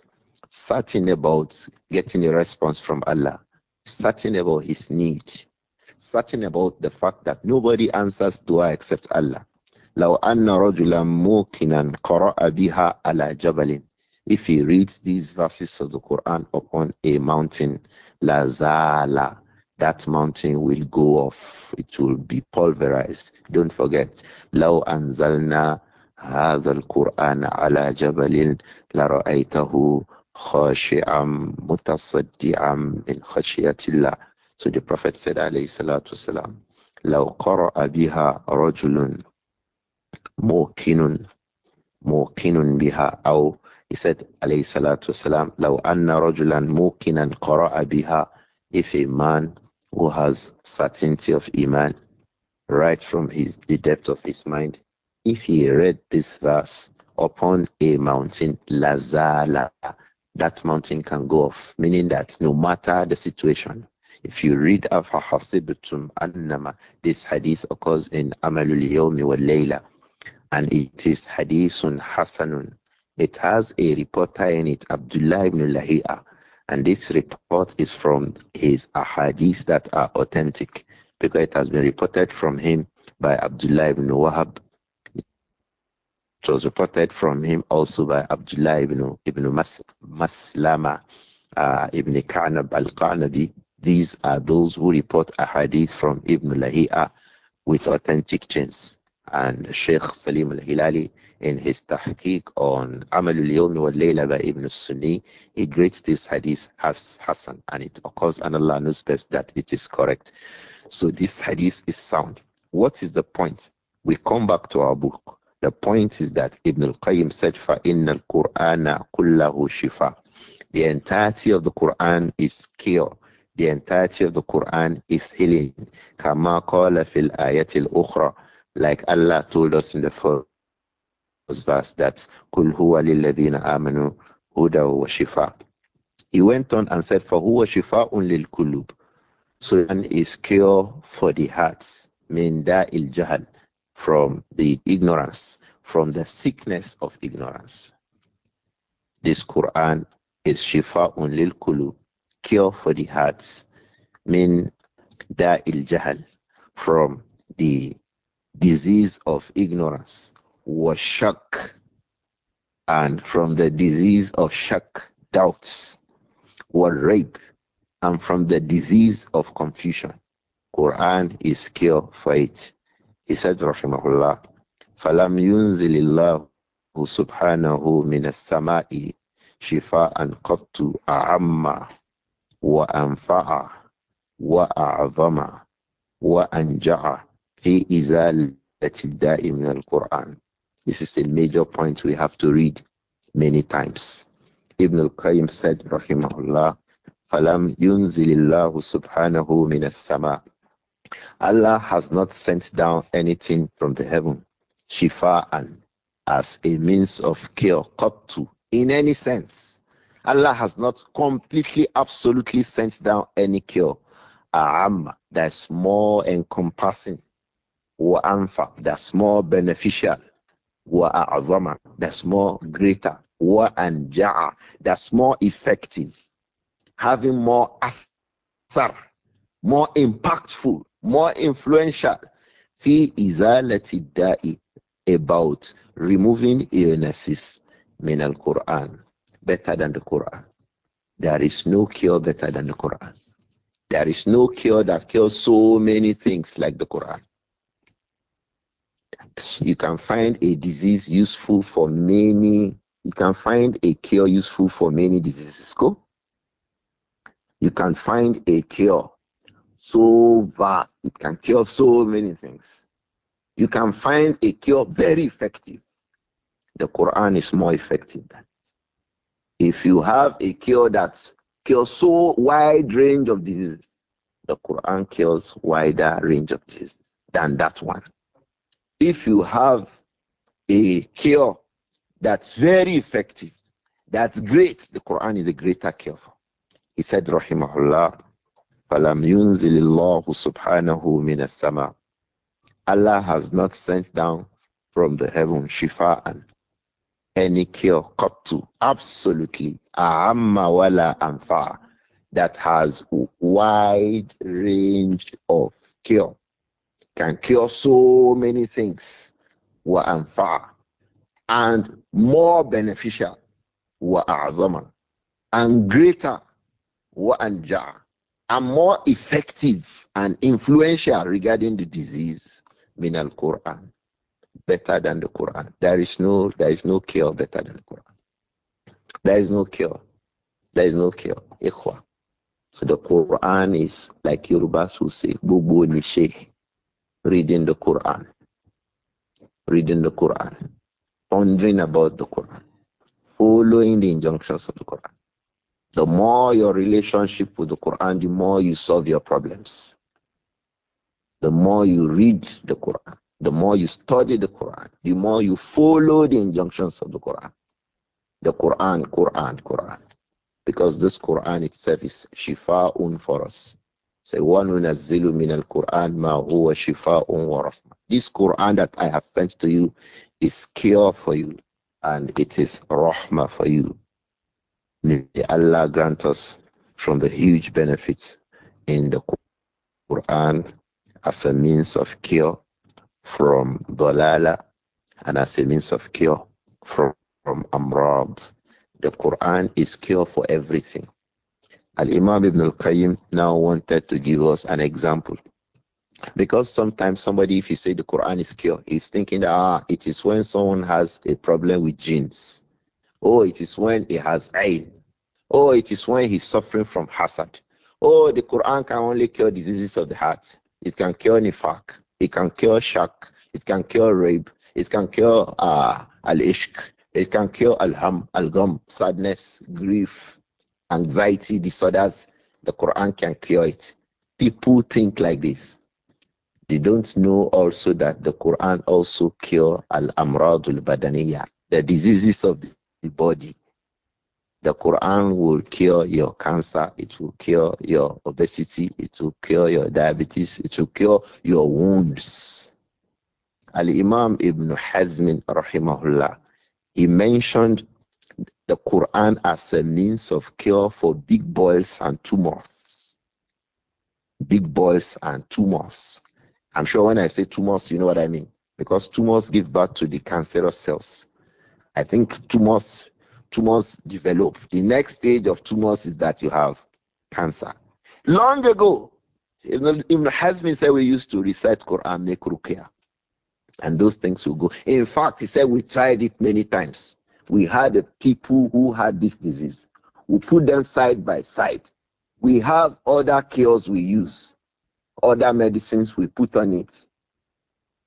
certain about getting a response from Allah, certain about his need, certain about the fact that nobody answers dua except Allah. لو أن رجلا موقنا قرأ بها على جبل if he reads these verses of the Quran upon a mountain, lazala, that mountain will go off. It will be pulverized. Don't forget, لو أنزلنا هذا القرآن على جبل لرأيته خاشعا متصدعا من خشية الله. So the Prophet said عليه الصلاة والسلام لو قرأ بها رجل موقن موقن بها أو he said عليه الصلاة والسلام لو أن رجلا موقنا قرأ بها if a man who has certainty of Iman right from his, the depth of his mind, if he read this verse upon a mountain, Lazala, that mountain can go off, meaning that no matter the situation, if you read an Annama, this hadith occurs in Amalul Yawmi wa Layla, and it is Hadithun Hasanun. It has a reporter in it, Abdullah ibn Lahi'a, and this report is from his ahadith that are authentic because it has been reported from him by Abdullah ibn Wahab. It was reported from him also by Abdullah ibn, ibn Mas, Maslama, uh, ibn Ka'nab al-Qanabi. These are those who report ahadith from Ibn Lahi'a with authentic chains. And Sheikh Salim al-Hilali in his tahqiq on Amalul Yawmi wa Layla by Ibn Sunni, he grades this hadith as Hassan, and it occurs, and Allah knows best that it is correct. So this hadith is sound. What is the point? We come back to our book. The point is that Ibn al-Qayyim said, Al Qurana kullahu shifa." The entirety of the Quran is cure the entirety of the Quran is healing. Kama qala fil ayatil ukhra, like Allah told us in the verse that's Kul huwa amanu huda wa shifa. He went on and said, For huwa shifa lil kulub. Sudan is cure for the hearts, min da'il jahal, from the ignorance, from the sickness of ignorance. This Quran is shifa lil kulub, cure for the hearts, min da'il jahal, from the disease of ignorance, was washak and from the disease of shock doubts were rape and from the disease of confusion quran is cure for it he said rahimahullah falam yunzilillahu subhanahu min as-sama'i shifaan qattu a'amma wa anfa'a wa a'zama wa anja'a fi izalati da'i min al-quran this is a major point we have to read many times. Ibn al-Qayyim said, rahimahullah, Falam يُنزِلِ اللَّهُ سُبْحَانَهُ Allah has not sent down anything from the heaven, shifa'an, as a means of cure, qattu, in any sense. Allah has not completely, absolutely sent down any cure. A'amma, that's more encompassing. Wa'anfa, that's more beneficial wa a'zama that's more greater wa anja'a that's more effective having more athar more impactful more influential fi izalati da'i about removing illnesses min al-Quran better than the Quran there is no cure better than the Quran there is no cure that cures so many things like the Quran you can find a disease useful for many, you can find a cure useful for many diseases. Go. You can find a cure so vast, it can cure so many things. You can find a cure very effective. The Quran is more effective than it. If you have a cure that cures so wide range of diseases, the Quran kills wider range of diseases than that one if you have a cure that's very effective, that's great, the Quran is a greater cure for. He said, Rahimahullah, فَلَمْ يُنزِلِ اللَّهُ سُبْحَانَهُ مِنَ السَّمَاءِ Allah has not sent down from the heaven shifa and any cure cup to absolutely amma wala anfa that has wide range of cure can cure so many things wa anfa and more beneficial wa a'zama and greater wa anja and more effective and influential regarding the disease min al Quran better than the Quran there is no there is no cure better than the Quran there is no cure there is no cure so the Quran is like Yorubas who say bubu ni sheikh reading the Quran, reading the Quran, pondering about the Quran, following the injunctions of the Quran. The more your relationship with the Quran, the more you solve your problems. The more you read the Quran, the more you study the Quran, the more you follow the injunctions of the Quran. The Quran, Quran, Quran. Because this Quran itself is shifa'un for us. Say, وَنُنَزِّلُ مِنَ الْقُرْآنِ مَا هُوَ شِفَاءٌ وَرَحْمَةٌ This Quran that I have sent to you is cure for you and it is rahma for you. May Allah grant us from the huge benefits in the Quran as a means of cure from dalala and as a means of cure from, from amrad. The Quran is cure for everything. Al Imam Ibn Al Qayyim now wanted to give us an example. Because sometimes somebody, if you say the Quran is cure, is thinking that ah, it is when someone has a problem with genes. Oh, it is when he has eye. Oh, it is when he's suffering from hazard. Oh, the Quran can only cure diseases of the heart. It can cure nifaq. It can cure shak. It can cure rape. It can cure uh, al-ishq. It can cure al-ham, al-gham, sadness, grief, anxiety disorders, the Quran can cure it. People think like this. They don't know also that the Quran also cure al amradul badaniya, the diseases of the body. The Quran will cure your cancer, it will cure your obesity, it will cure your diabetes, it will cure your wounds. Al Imam Ibn Hazm rahimahullah, he mentioned the Quran as a means of cure for big boils and tumors. Big boils and tumors. I'm sure when I say tumors, you know what I mean. Because tumors give birth to the cancerous cells. I think tumors tumors develop. The next stage of tumors is that you have cancer. Long ago, Ibn Hazmi said we used to recite Quran, make ruqya. And those things will go. In fact, he said we tried it many times. We had the people who had this disease. We put them side by side. We have other cures we use, other medicines we put on it.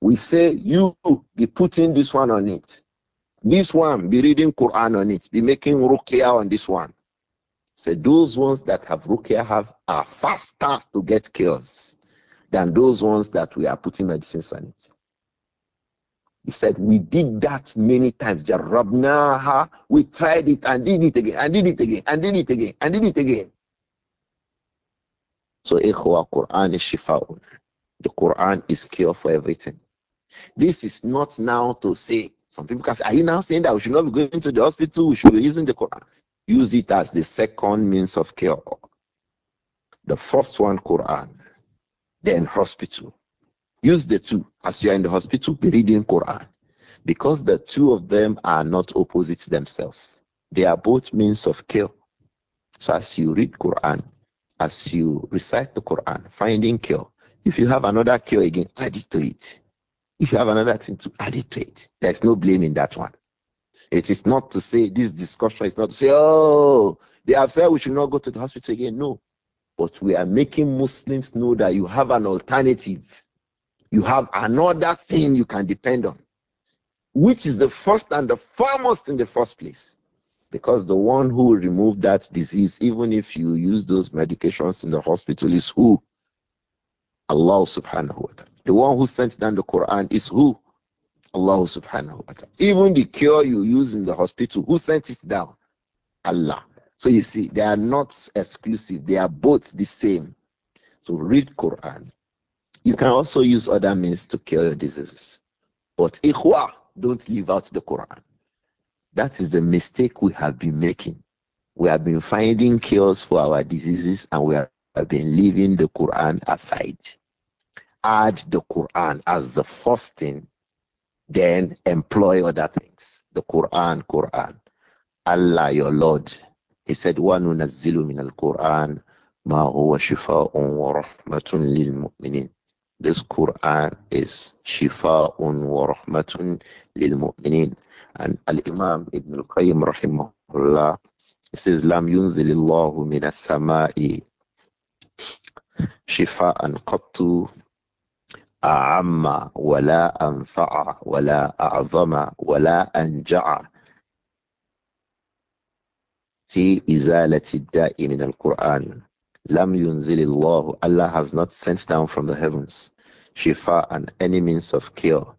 We say, you be putting this one on it. This one, be reading Quran on it. Be making ruqya on this one. So those ones that have ruqya have are faster to get cures than those ones that we are putting medicines on it. He said, We did that many times. We tried it and did it again, and did it again, and did it again, and did it again. So, Ikhwa Quran is Shifa'un. The Quran is cure for everything. This is not now to say, some people can say, Are you now saying that we should not be going to the hospital? We should be using the Quran. Use it as the second means of cure. The first one, Quran, then hospital, Use the two. As you are in the hospital, be reading Quran. Because the two of them are not opposites themselves. They are both means of cure. So as you read Quran, as you recite the Quran, finding cure. If you have another cure again, add it to it. If you have another thing to add it to it, there's no blame in that one. It is not to say this discussion is not to say, oh, they have said we should not go to the hospital again. No. But we are making Muslims know that you have an alternative you have another thing you can depend on, which is the first and the foremost in the first place. Because the one who removed remove that disease, even if you use those medications in the hospital, is who? Allah subhanahu wa ta'ala. The one who sent down the Quran is who? Allah subhanahu wa ta'ala. Even the cure you use in the hospital, who sent it down? Allah. So you see, they are not exclusive, they are both the same. So read Quran, you can also use other means to cure diseases. But ikhwa, don't leave out the Quran. That is the mistake we have been making. We have been finding cures for our diseases and we have been leaving the Quran aside. Add the Quran as the first thing, then employ other things. The Quran, Quran. Allah, your Lord. He said, وَنُنَزِّلُ مِنَ الْقُرْآنِ مَا هُوَ شِفَاءٌ وَرَحْمَةٌ لِلْمُؤْمِنِينَ this Quran is Shifa'un wa Rahmatun lil Mu'minin. And Al Imam Ibn Al Qayyim rahimahullah says, Lam yunzilillahu min as-sama'i shifa'an qattu أعم ولا wa la أعظم ولا أنجع في إزالة الداء من القرآن Lam yunzilillahu, Allah has not sent down from the heavens shifa and any means of cure.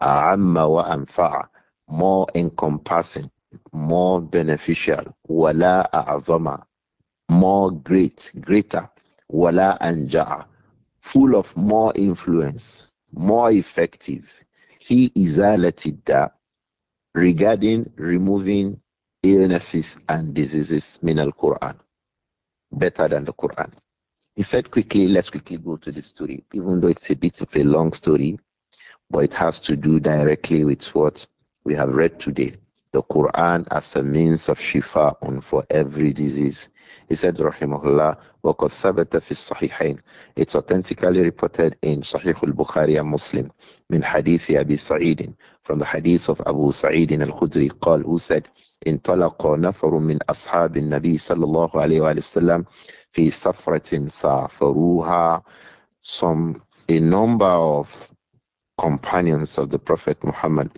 Amma wa anfa'a, more encompassing, more beneficial. Wala a'azama, more great, greater. Wala anja'a, full of more influence, more effective. He is alatidda regarding removing illnesses and diseases min al-Quran better than the Quran. He said quickly, let's quickly go to the story, even though it's a bit of a long story, but it has to do directly with what we have read today. The Quran as a means of shifa on for every disease. He said, Rahimahullah, وَقَدْ ثَبَتَ فِي الصَّحِحَيْنِ It's authentically reported in Sahih al-Bukhari and Muslim, من hadith Abi Sa'id, from the hadith of Abu Sa'id al-Khudri, قال, who said, انطلق نفر من أصحاب النبي صلى الله عليه وآله وسلم في سفرة سافروها some a number of companions of the Prophet Muhammad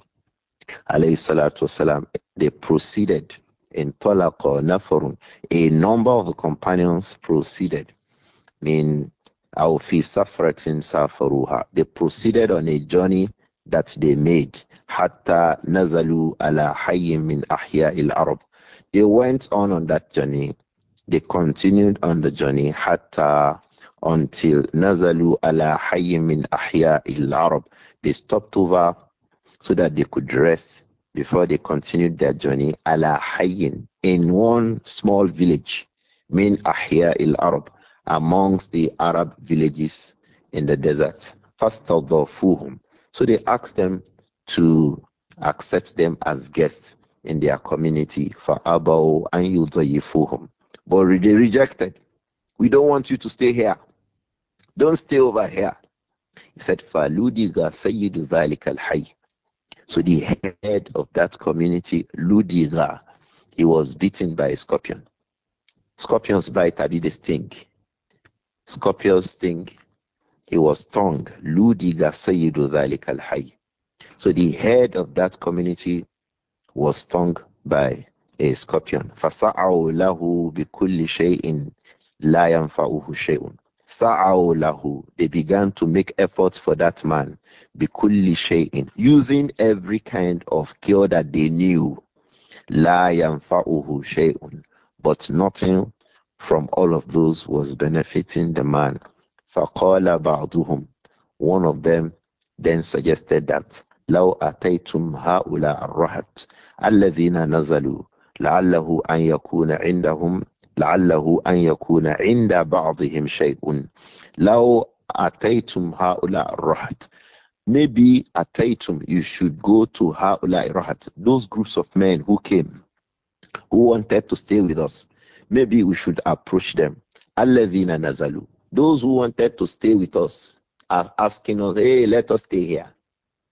alayhi salatu wasalam, they proceeded nafarun. A number of companions proceeded. Min awfi safratin safaruha. They proceeded on a journey that they made. Hatta nazalu ala hayyim min ahya il Arab. They went on on that journey. They continued on the journey. Hatta until nazalu ala hayyim min ahya il Arab. They stopped over so that they could rest before they continued their journey, ala hayyin, in one small village, min ahya il Arab, amongst the Arab villages in the desert. Fastadhafuhum. So they asked them to accept them as guests in their community. Fa'abaw an yudayifuhum. But they rejected. We don't want you to stay here. Don't stay over here. He said, فَلُودِغَ سَيِّدُ ذَلِكَ الْحَيِّ so the head of that community, Ludira, he was bitten by a scorpion. Scorpions bite, did they stink. Scorpions stink. He was stung. Ludiga Sayyidu Dhalik al Hayy. So the head of that community was stung by a scorpion. فَسَعَوْ لَهُ بِكُلِّ شَيْءٍ لَا يَنْفَعُهُ شَيْءٌ they began to make efforts for that man. Bikulli shay'in. Using every kind of cure that they knew. La yanfa'uhu shay'un. But nothing from all of those was benefiting the man. فَقَالَ بَعْضُهُمْ One of them then suggested that لو أتيتم هؤلاء الرهط الذين نزلوا لعله أن يكون عندهم لعله أن يكون عند بعضهم شيء لو أتيتم هؤلاء الرهط maybe أتيتم you should go to هؤلاء الرهط those groups of men who came who wanted to stay with us maybe we should approach them الذين نزلوا those who wanted to stay with us are asking us hey let us stay here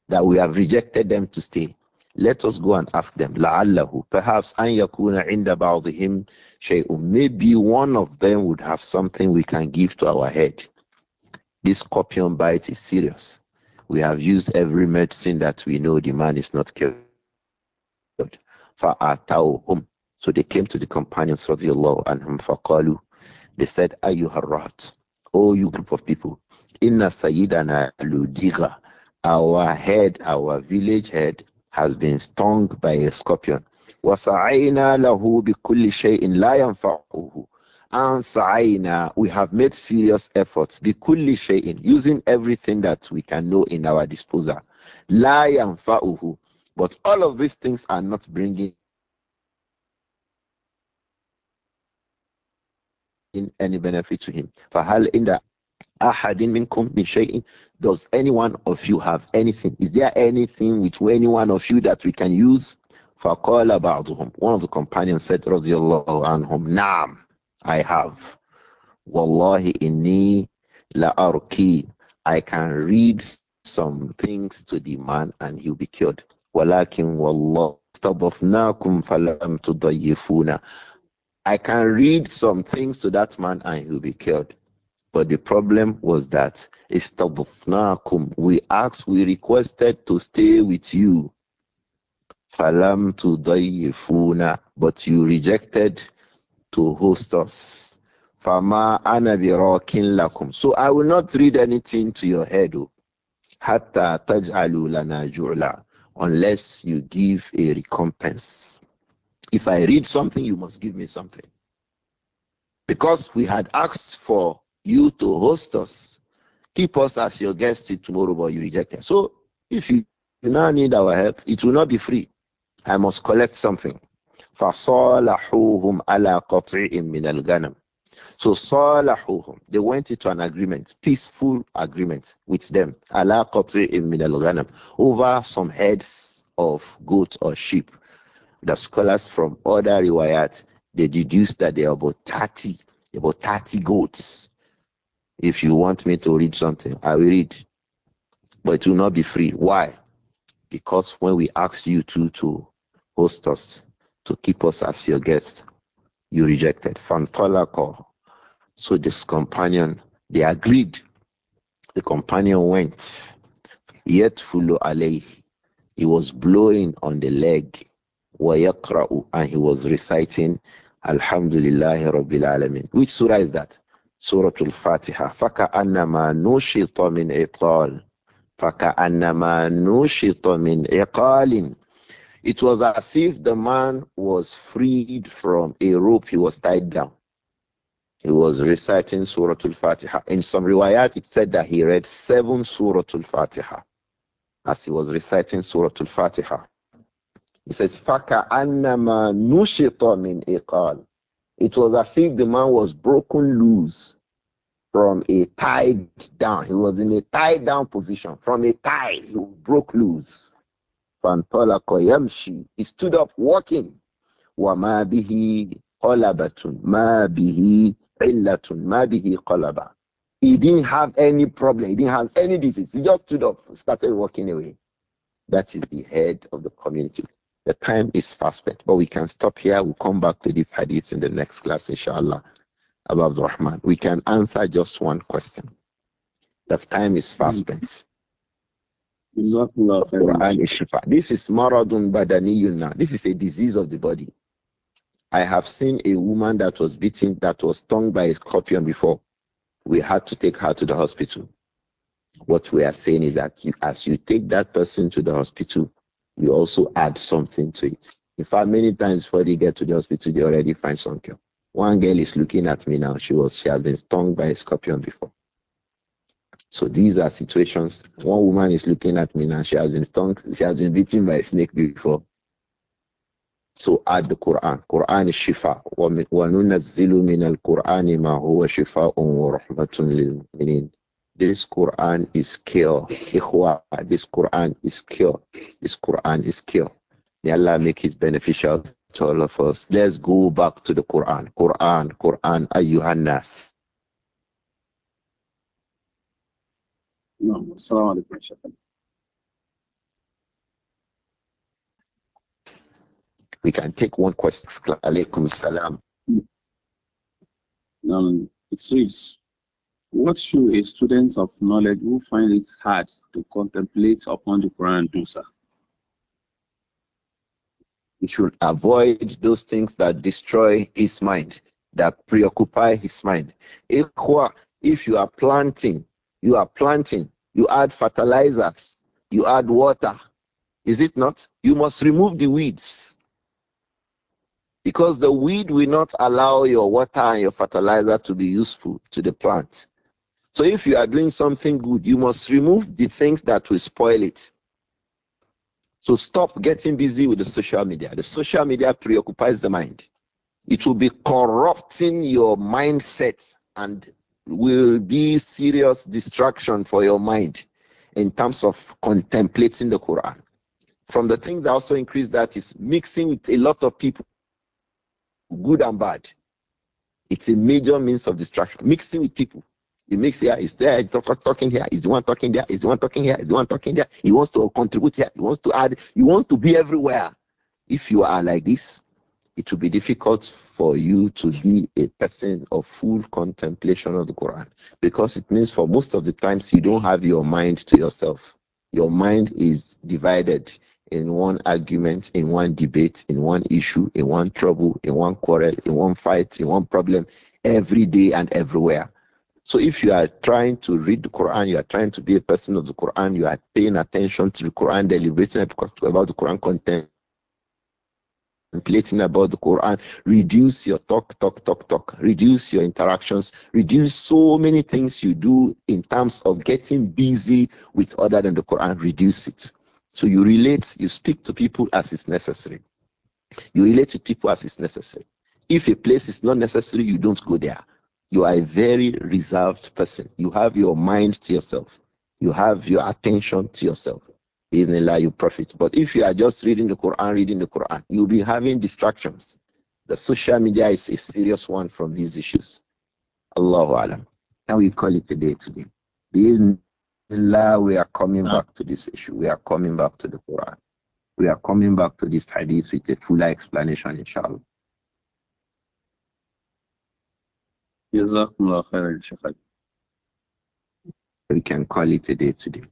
that we have rejected them to stay let us go and ask them. Allahu. Perhaps an yakuna inda بَعْضِهِمْ شَيْءٌ Maybe one of them would have something we can give to our head. This scorpion bite is serious. We have used every medicine that we know the man is not cured. فَأَتَوْهُمْ So they came to the companions رضي and عنهم فَقَالُوا They said, أَيُّهَا الرَّهْتُ Oh, you group of people. Inna Sayyidana Ludiga, our head, our village head, has been stung by a scorpion. وَسَعَيْنَا لَهُ بِكُلِّ شَيْءٍ لَا يَنْفَعُهُ and we have made serious efforts, bikulli shay'in, using everything that we can know in our disposal. But all of these things are not bringing in any benefit to him. Fahal inda ahadin minkum min shay'in? Does anyone of you have anything? Is there anything with any one of you that we can use? فَقَالَ بَعْضُهُمْ One of the companions said, رَضِيَ اللَّهُ عَنْهُمْ نَعَمْ I have. وَاللَّهِ إِنِّي لَأَرْكِي I can read some things to the man and he'll be cured. وَلَكِنْ وَاللَّهِ اسْتَضَفْنَاكُمْ فَلَمْ تُضَيِّفُونَ I can read some things to that man and he'll be cured. But the problem was that istadfnakum. We asked, we requested to stay with you. Falam to dayifuna, but you rejected to host us. Fama anabirakin lakum. So I will not read anything to your head. Oh, hatta taj'alu lana ju'la. Unless you give a recompense. If I read something, you must give me something. Because we had asked for you to host us. Keep us as your guest tomorrow, but you reject us. So if you, you now need our help, it will not be free. I must collect something. فَصَالَحُوهُمْ عَلَى قَطْعِئٍ مِّنَ الْغَنَمِ so salahuhum, they went into an agreement, peaceful agreement with them. Ala min al over some heads of goat or sheep. The scholars from other riwayat they deduced that there are about 30, about 30 goats. If you want me to read something, I will read. But it will not be free. Why? Because when we asked you to to host us, to keep us as your guest, you rejected. Fantalako. So this companion, they agreed. The companion went. Yet Fulu alayhi. He was blowing on the leg. وَيَقْرَأُ And he was reciting Alhamdulillah Rabbil Alamin. Which surah is that? فَكَأَنَّمَا نُشِطَ مِنْ فَكَأَنَّمَا نُشِطَ مِنْ It was as if the man was freed from a rope he was tied down. He was reciting Surah Al-Fatiha. In some riwayat, it said that he read seven Surah Al-Fatiha as he was reciting Surah Al-Fatiha. He says, فَكَأَنَّمَا نُشِطَ مِنْ إِقَالٍ it was as if the man was broken loose from a tied down. He was in a tied down position. From a tie, he broke loose. He stood up walking. وَمَا بِهِ قَلَبَةٌ مَا بِهِ عِلَّةٌ مَا بِهِ قَلَبَةٌ He didn't have any problem. He didn't have any disease. He just stood up started walking away. That is the head of the community. The time is fast spent, but we can stop here. We'll come back to these hadiths in the next class, inshallah. about Rahman, we can answer just one question. The time is fast spent. This is maradun badaniyun now. This is a disease of the body. I have seen a woman that was beaten, that was stung by a scorpion before. We had to take her to the hospital. What we are saying is that as you take that person to the hospital, you also add something to it. In fact, many times before they get to the hospital, they already find some cure. One girl is looking at me now. She was she has been stung by a scorpion before. So these are situations. One woman is looking at me now. She has been stung. She has been bitten by a snake before. So add the Quran. Quran is shifa. وَنُنَزِّلُ مِنَ الْقُرْآنِ مَا هُوَ شِفَاءٌ وَرَحْمَةٌ لِلْمُؤْمِنِينَ this Quran is cure. This Quran is cure. This Quran is cure. May Allah make it beneficial to all of us. Let's go back to the Quran. Quran, Quran, Ayyuhannas. No. alaikum. we can take one question. Alaikum salam. Um, reads, what should a student of knowledge who find it hard to contemplate upon the Quran do, sir? He should avoid those things that destroy his mind, that preoccupy his mind. If you are planting, you are planting, you add fertilizers, you add water, is it not? You must remove the weeds because the weed will not allow your water and your fertilizer to be useful to the plant. So if you are doing something good, you must remove the things that will spoil it. So stop getting busy with the social media. The social media preoccupies the mind. It will be corrupting your mindset and will be serious distraction for your mind in terms of contemplating the Quran. From the things that also increase that is mixing with a lot of people, good and bad. It's a major means of distraction. Mixing with people, it makes here, it's there, he's talking here, he's the one talking there, he's the one talking here, he's the one talking there. He wants to contribute here, he wants to add, you want to be everywhere. If you are like this, it will be difficult for you to be a person of full contemplation of the Quran because it means for most of the times you don't have your mind to yourself. Your mind is divided in one argument, in one debate, in one issue, in one trouble, in one quarrel, in one fight, in one problem, every day and everywhere. So if you are trying to read the Quran, you are trying to be a person of the Quran, you are paying attention to the Quran, deliberating about the Quran content, contemplating about the Quran, reduce your talk, talk, talk, talk, reduce your interactions, reduce so many things you do in terms of getting busy with other than the Quran, reduce it. So you relate, you speak to people as is necessary. You relate to people as is necessary. If a place is not necessary, you don't go there you are a very reserved person. You have your mind to yourself. You have your attention to yourself. In Allah, you profit. But if you are just reading the Quran, reading the Quran, you'll be having distractions. The social media is a serious one from these issues. Allahu Alam. And we call it a day today. la we are coming back to this issue. We are coming back to the Quran. We are coming back to this hadith with a fuller explanation, inshallah. We can call it a day today.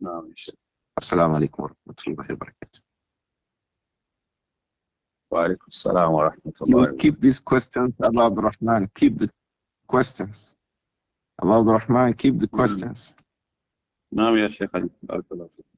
نعم إن شاء الله السلام عليكم keep these questions about Rahman keep the questions about Rahman keep the questions نعم يا شيخ بارك